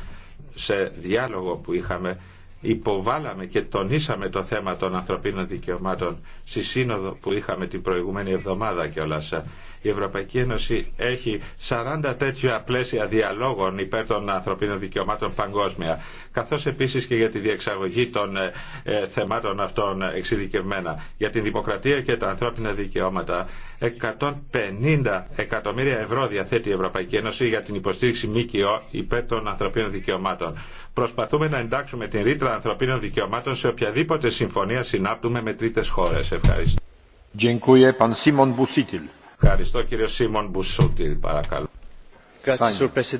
[SPEAKER 2] σε διάλογο που είχαμε υποβάλαμε και τονίσαμε το θέμα των ανθρωπίνων δικαιωμάτων στη σύνοδο που είχαμε την προηγούμενη εβδομάδα κιόλας η Ευρωπαϊκή Ένωση έχει 40 τέτοια πλαίσια διαλόγων υπέρ των ανθρωπίνων δικαιωμάτων παγκόσμια, καθώς επίσης και για τη διεξαγωγή των ε, ε, θεμάτων αυτών εξειδικευμένα. Για την δημοκρατία και τα ανθρώπινα δικαιώματα, 150 εκατομμύρια ευρώ διαθέτει η Ευρωπαϊκή Ένωση για την υποστήριξη ΜΚΟ υπέρ των ανθρωπίνων δικαιωμάτων. Προσπαθούμε να εντάξουμε την ρήτρα ανθρωπίνων δικαιωμάτων σε οποιαδήποτε συμφωνία συνάπτουμε με τρίτες χώρες. Ευχαριστώ. Ευχαριστώ κύριο Σίμων Μπουσούτιλ, παρακαλώ. Uh,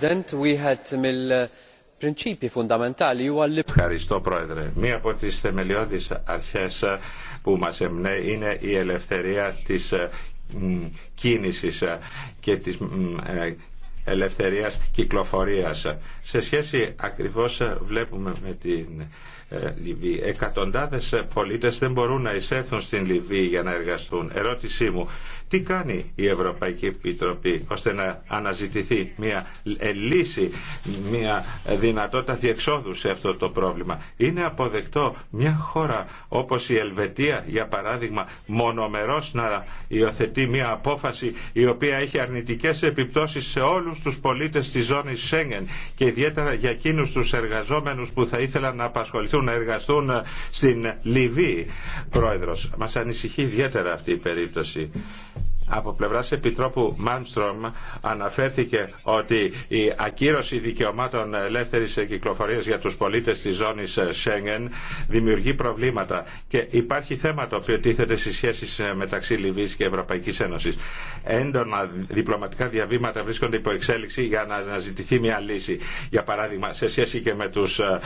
[SPEAKER 2] Ευχαριστώ Πρόεδρε. Μία από τις θεμελιώδεις αρχές uh, που μας εμπνέει είναι η ελευθερία της uh, κίνησης και της ε, ελευθερίας κυκλοφορίας. Σε σχέση ακριβώς βλέπουμε με την ε, Λιβύη. Εκατοντάδες ε, πολίτες δεν μπορούν να εισέλθουν στην Λιβύη για να εργαστούν. Ερώτησή μου, τι κάνει η Ευρωπαϊκή Επιτροπή ώστε να αναζητηθεί μια ε, λύση, μια δυνατότητα διεξόδου σε αυτό το πρόβλημα. Είναι αποδεκτό μια χώρα όπως η Ελβετία για παράδειγμα μονομερός να υιοθετεί μια απόφαση η οποία έχει αρνητικές επιπτώσεις σε όλους τους πολίτες της ζώνης Σέγγεν και ιδιαίτερα για εκείνους τους εργαζόμενους που θα ήθελαν να απασχοληθούν, να εργαστούν ε, στην Λιβύη. Πρόεδρος, μας ανησυχεί ιδιαίτερα αυτή η περίπτωση από πλευράς Επιτρόπου Μάνστρομ αναφέρθηκε ότι η ακύρωση δικαιωμάτων ελεύθερης κυκλοφορίας για τους πολίτες της ζώνης Σέγγεν δημιουργεί προβλήματα και υπάρχει θέμα το οποίο τίθεται στις σχέσεις μεταξύ Λιβύης και Ευρωπαϊκής Ένωσης. Έντονα διπλωματικά διαβήματα βρίσκονται υπό εξέλιξη για να αναζητηθεί μια λύση. Για παράδειγμα, σε σχέση και με τους ε,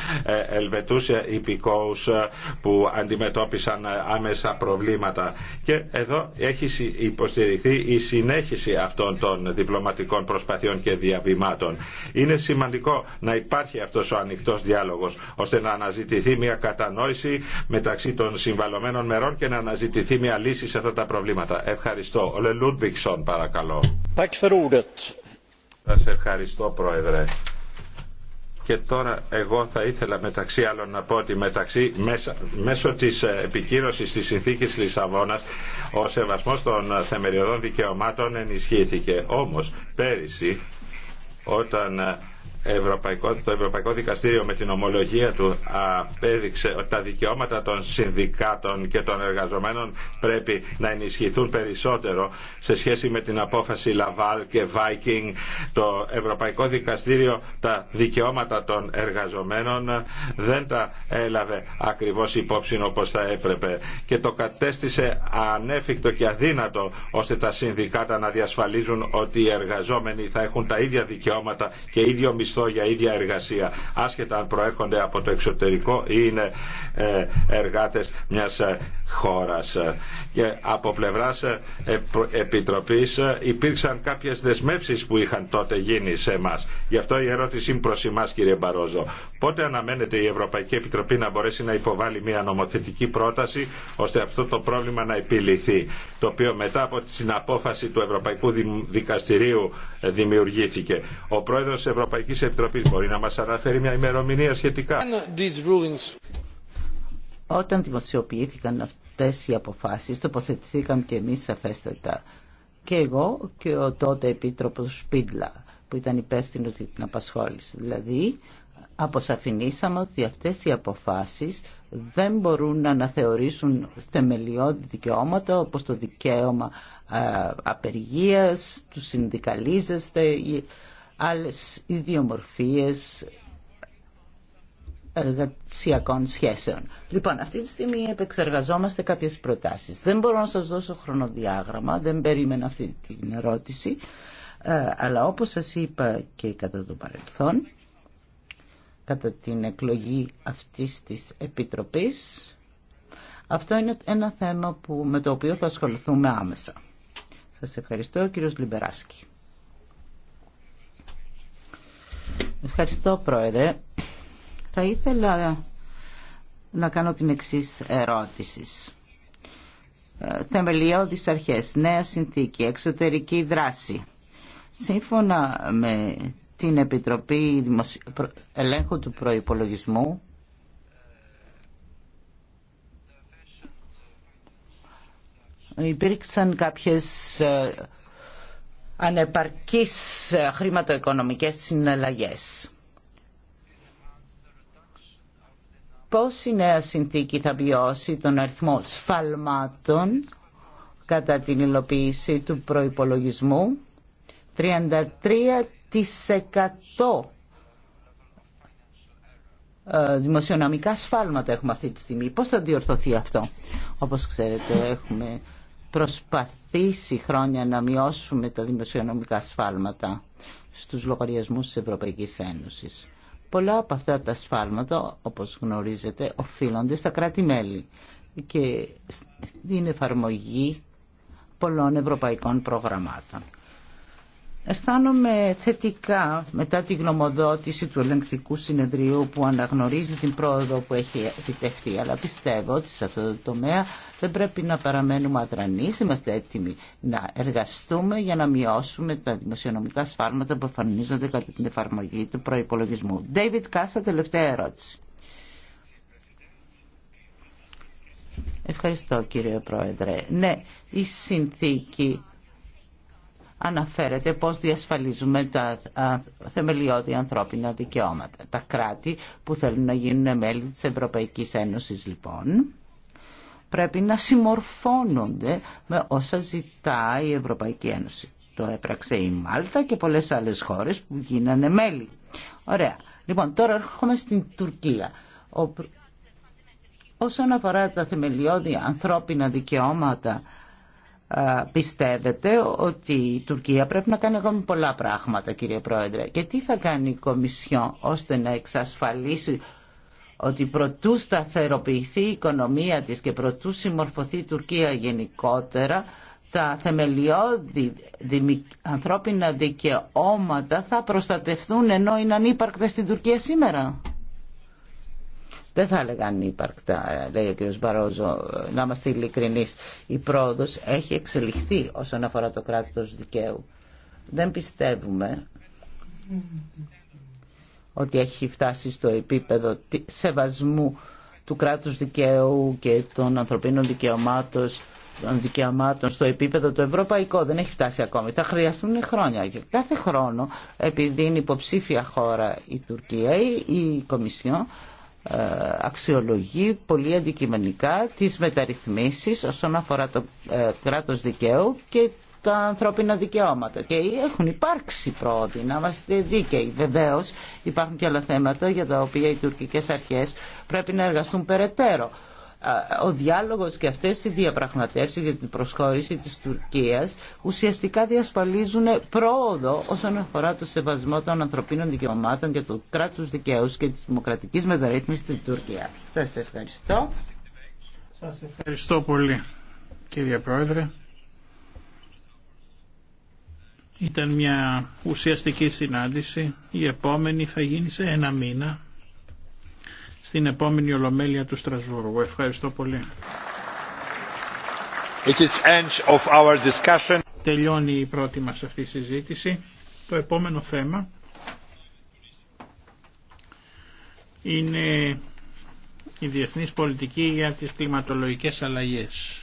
[SPEAKER 2] Ελβετούς υπηκόους ε, που αντιμετώπισαν άμεσα προβλήματα. Και εδώ έχει υποστηρίξει η συνέχιση αυτών των διπλωματικών προσπαθειών και διαβημάτων. Είναι σημαντικό να υπάρχει αυτός ο ανοιχτός διάλογος ώστε να αναζητηθεί μια κατανόηση μεταξύ των συμβαλωμένων μερών και να αναζητηθεί μια λύση σε αυτά τα προβλήματα. Ευχαριστώ. Ο Λε παρακαλώ. Σας ευχαριστώ Πρόεδρε. Και τώρα εγώ θα ήθελα μεταξύ άλλων να πω ότι μέσα, μέσω της επικύρωσης της συνθήκης Λισαβόνας ο σεβασμός των θεμεριωδών δικαιωμάτων ενισχύθηκε. Όμως πέρυσι όταν Ευρωπαϊκό, το Ευρωπαϊκό Δικαστήριο με την ομολογία του απέδειξε ότι τα δικαιώματα των συνδικάτων και των εργαζομένων πρέπει να ενισχυθούν περισσότερο σε σχέση με την απόφαση Λαβάλ και Viking. Το Ευρωπαϊκό Δικαστήριο τα δικαιώματα των εργαζομένων δεν τα έλαβε ακριβώς υπόψη όπως θα έπρεπε και το κατέστησε ανέφικτο και αδύνατο ώστε τα συνδικάτα να διασφαλίζουν ότι οι εργαζόμενοι θα έχουν τα ίδια δικαιώματα και ίδιο μισθό μισθό για ίδια εργασία, άσχετα αν προέρχονται από το εξωτερικό ή είναι ε, εργάτες μιας ε, χώρας. Και από πλευράς ε, Επιτροπής ε, υπήρξαν κάποιες δεσμεύσεις που είχαν τότε γίνει σε εμά. Γι' αυτό η ερώτησή είναι προς εμάς κύριε Μπαρόζο. Πότε αναμένεται η Ευρωπαϊκή Επιτροπή να μπορέσει να υποβάλει μια νομοθετική πρόταση ώστε αυτό το πρόβλημα να επιληθεί, το οποίο μετά από την απόφαση του Ευρωπαϊκού Δικαστηρίου ε, δημιουργήθηκε. Ο πρόεδρος της Ευρωπαϊκής Επιτροπής μπορεί να μας αναφέρει μια ημερομηνία σχετικά.
[SPEAKER 3] Όταν δημοσιοποιήθηκαν αυτές οι αποφάσεις τοποθετηθήκαμε και εμεί σαφέστατα. Και εγώ και ο τότε Επίτροπος Σπίτλα που ήταν υπεύθυνο για την απασχόληση. Δηλαδή αποσαφηνίσαμε ότι αυτές οι αποφάσεις δεν μπορούν να αναθεωρήσουν θεμελιώδη δικαιώματα όπω το δικαίωμα ε, απεργίας, του συνδικαλίζεστε, άλλες ιδιομορφίες, εργασιακών σχέσεων. Λοιπόν, αυτή τη στιγμή επεξεργαζόμαστε κάποιες προτάσεις. Δεν μπορώ να σας δώσω χρονοδιάγραμμα, δεν περίμενα αυτή την ερώτηση, ε, αλλά όπως σας είπα και κατά το παρελθόν, κατά την εκλογή αυτής της Επιτροπής, αυτό είναι ένα θέμα που, με το οποίο θα ασχοληθούμε άμεσα. Σας ευχαριστώ, κύριο Λιμπεράσκη. Ευχαριστώ, Πρόεδρε. Θα ήθελα να κάνω την εξής ερώτηση. Ε, θεμελιώδεις αρχές, νέα συνθήκη, εξωτερική δράση. Σύμφωνα με την Επιτροπή Ελέγχου του Προϋπολογισμού, υπήρξαν κάποιες ε, ανεπαρκείς ε, χρηματοοικονομικές συναλλαγές. πώς η νέα συνθήκη θα βιώσει τον αριθμό σφαλμάτων κατά την υλοποίηση του προϋπολογισμού 33% ε, δημοσιονομικά σφάλματα έχουμε αυτή τη στιγμή. Πώς θα διορθωθεί αυτό. Όπως ξέρετε έχουμε προσπαθήσει χρόνια να μειώσουμε τα δημοσιονομικά σφάλματα στους λογαριασμούς της Ευρωπαϊκής Ένωσης. Πολλά από αυτά τα σφάλματα, όπως γνωρίζετε, οφείλονται στα κράτη-μέλη και στην εφαρμογή πολλών ευρωπαϊκών προγραμμάτων. Αισθάνομαι θετικά μετά τη γνωμοδότηση του ελεγκτικού συνεδρίου που αναγνωρίζει την πρόοδο που έχει επιτευχθεί. Αλλά πιστεύω ότι σε αυτό το τομέα δεν πρέπει να παραμένουμε αδρανείς. Είμαστε έτοιμοι να εργαστούμε για να μειώσουμε τα δημοσιονομικά σφάλματα που εμφανίζονται κατά την εφαρμογή του προϋπολογισμού. David Κάσα, τελευταία ερώτηση. Ευχαριστώ κύριε Πρόεδρε. Ναι, η συνθήκη αναφέρεται πώς διασφαλίζουμε τα θεμελιώδη ανθρώπινα δικαιώματα. Τα κράτη που θέλουν να γίνουν μέλη της Ευρωπαϊκής Ένωσης λοιπόν πρέπει να συμμορφώνονται με όσα ζητάει η Ευρωπαϊκή Ένωση. Το έπραξε η Μάλτα και πολλές άλλες χώρες που γίνανε μέλη. Ωραία. Λοιπόν, τώρα έρχομαι στην Τουρκία. Όσον αφορά τα θεμελιώδη ανθρώπινα δικαιώματα, πιστεύετε ότι η Τουρκία πρέπει να κάνει ακόμη πολλά πράγματα κύριε Πρόεδρε και τι θα κάνει η Κομισιόν ώστε να εξασφαλίσει ότι προτού σταθεροποιηθεί η οικονομία της και προτού συμμορφωθεί η Τουρκία γενικότερα τα θεμελιώδη ανθρώπινα δικαιώματα θα προστατευτούν ενώ είναι ανύπαρκτα στην Τουρκία σήμερα. Δεν θα έλεγα ανύπαρκτα, λέει ο κ. Μπαρόζο, να είμαστε ειλικρινεί. Η πρόοδο έχει εξελιχθεί όσον αφορά το κράτο δικαίου. Δεν πιστεύουμε ότι έχει φτάσει στο επίπεδο σεβασμού του κράτους δικαίου και των ανθρωπίνων δικαιωμάτων, δικαιωμάτων στο επίπεδο του ευρωπαϊκού. δεν έχει φτάσει ακόμη. Θα χρειαστούν χρόνια. κάθε χρόνο, επειδή είναι υποψήφια χώρα η Τουρκία ή η Κομισιόν, ε, αξιολογεί πολύ αντικειμενικά τις μεταρρυθμίσεις όσον αφορά το ε, κράτος δικαίου και τα ανθρώπινα δικαιώματα. Και έχουν υπάρξει πρόοδοι, να είμαστε δίκαιοι. Βεβαίω υπάρχουν και άλλα θέματα για τα οποία οι τουρκικές αρχές πρέπει να εργαστούν περαιτέρω ο διάλογος και αυτές οι διαπραγματεύσεις για την προσχώρηση της Τουρκίας ουσιαστικά διασφαλίζουν πρόοδο όσον αφορά το σεβασμό των ανθρωπίνων δικαιωμάτων και του κράτους δικαίου και της δημοκρατικής μεταρρύθμισης στην Τουρκία. Σας ευχαριστώ. Σας ευχαριστώ πολύ κύριε Πρόεδρε.
[SPEAKER 1] Ήταν μια ουσιαστική συνάντηση. Η επόμενη θα γίνει σε ένα μήνα την επόμενη Ολομέλεια του Στρασβούργου. Ευχαριστώ πολύ.
[SPEAKER 2] It is end of our
[SPEAKER 1] discussion. Τελειώνει η πρώτη μας αυτή συζήτηση. Το επόμενο θέμα είναι η διεθνής πολιτική για τις κλιματολογικές αλλαγές.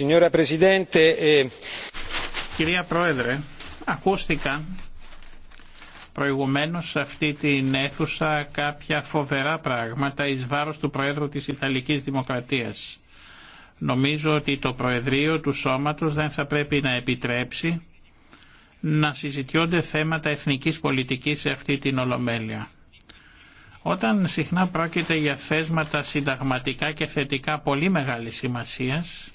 [SPEAKER 2] E- Κυρία Πρόεδρε,
[SPEAKER 1] ακούστηκα προηγουμένως σε αυτή την αίθουσα κάποια φοβερά πράγματα εις βάρος του Προέδρου της Ιταλικής Δημοκρατίας. Νομίζω ότι το Προεδρείο του Σώματος δεν θα πρέπει να επιτρέψει να συζητιώνται θέματα εθνικής πολιτικής σε αυτή την Ολομέλεια. Όταν συχνά πρόκειται για θέσματα συνταγματικά και θετικά πολύ μεγάλη σημασίας,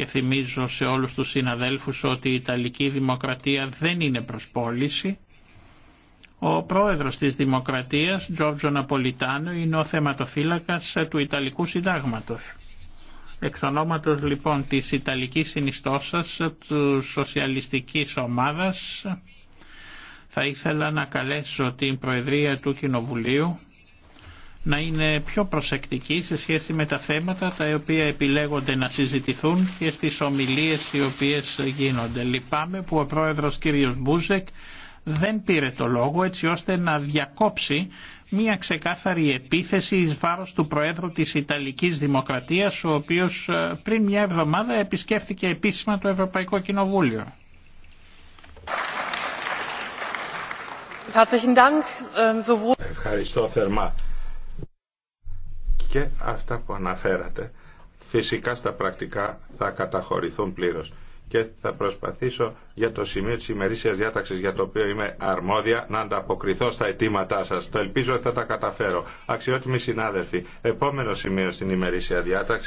[SPEAKER 1] και θυμίζω σε όλους τους συναδέλφους ότι η Ιταλική Δημοκρατία δεν είναι προσπόληση. Ο πρόεδρος της Δημοκρατίας, Τζόρτζο Ναπολιτάνο, είναι ο θεματοφύλακας του Ιταλικού Συντάγματος. Εξ ονόματος λοιπόν της Ιταλικής Συνιστώσας, του Σοσιαλιστικής Ομάδας, θα ήθελα να καλέσω την Προεδρία του Κοινοβουλίου να είναι πιο προσεκτική σε σχέση με τα θέματα τα οποία επιλέγονται να συζητηθούν και στις ομιλίες οι οποίες γίνονται. Λυπάμαι που ο πρόεδρος κ. Μπούζεκ δεν πήρε το λόγο έτσι ώστε να διακόψει μία ξεκάθαρη επίθεση εις βάρος του Προέδρου της Ιταλικής Δημοκρατίας ο οποίος ε, πριν μια εβδομάδα επισκέφθηκε επίσημα το Ευρωπαϊκό Κοινοβούλιο. Ähm,
[SPEAKER 2] Ευχαριστώ θερμά και αυτά που αναφέρατε φυσικά στα πρακτικά θα καταχωρηθούν πλήρως και θα προσπαθήσω για το σημείο της ημερήσιας διάταξης για το οποίο είμαι αρμόδια να ανταποκριθώ στα αιτήματά σας. Το ελπίζω ότι θα τα καταφέρω. Αξιότιμοι συνάδελφοι, επόμενο σημείο στην ημερήσια διάταξη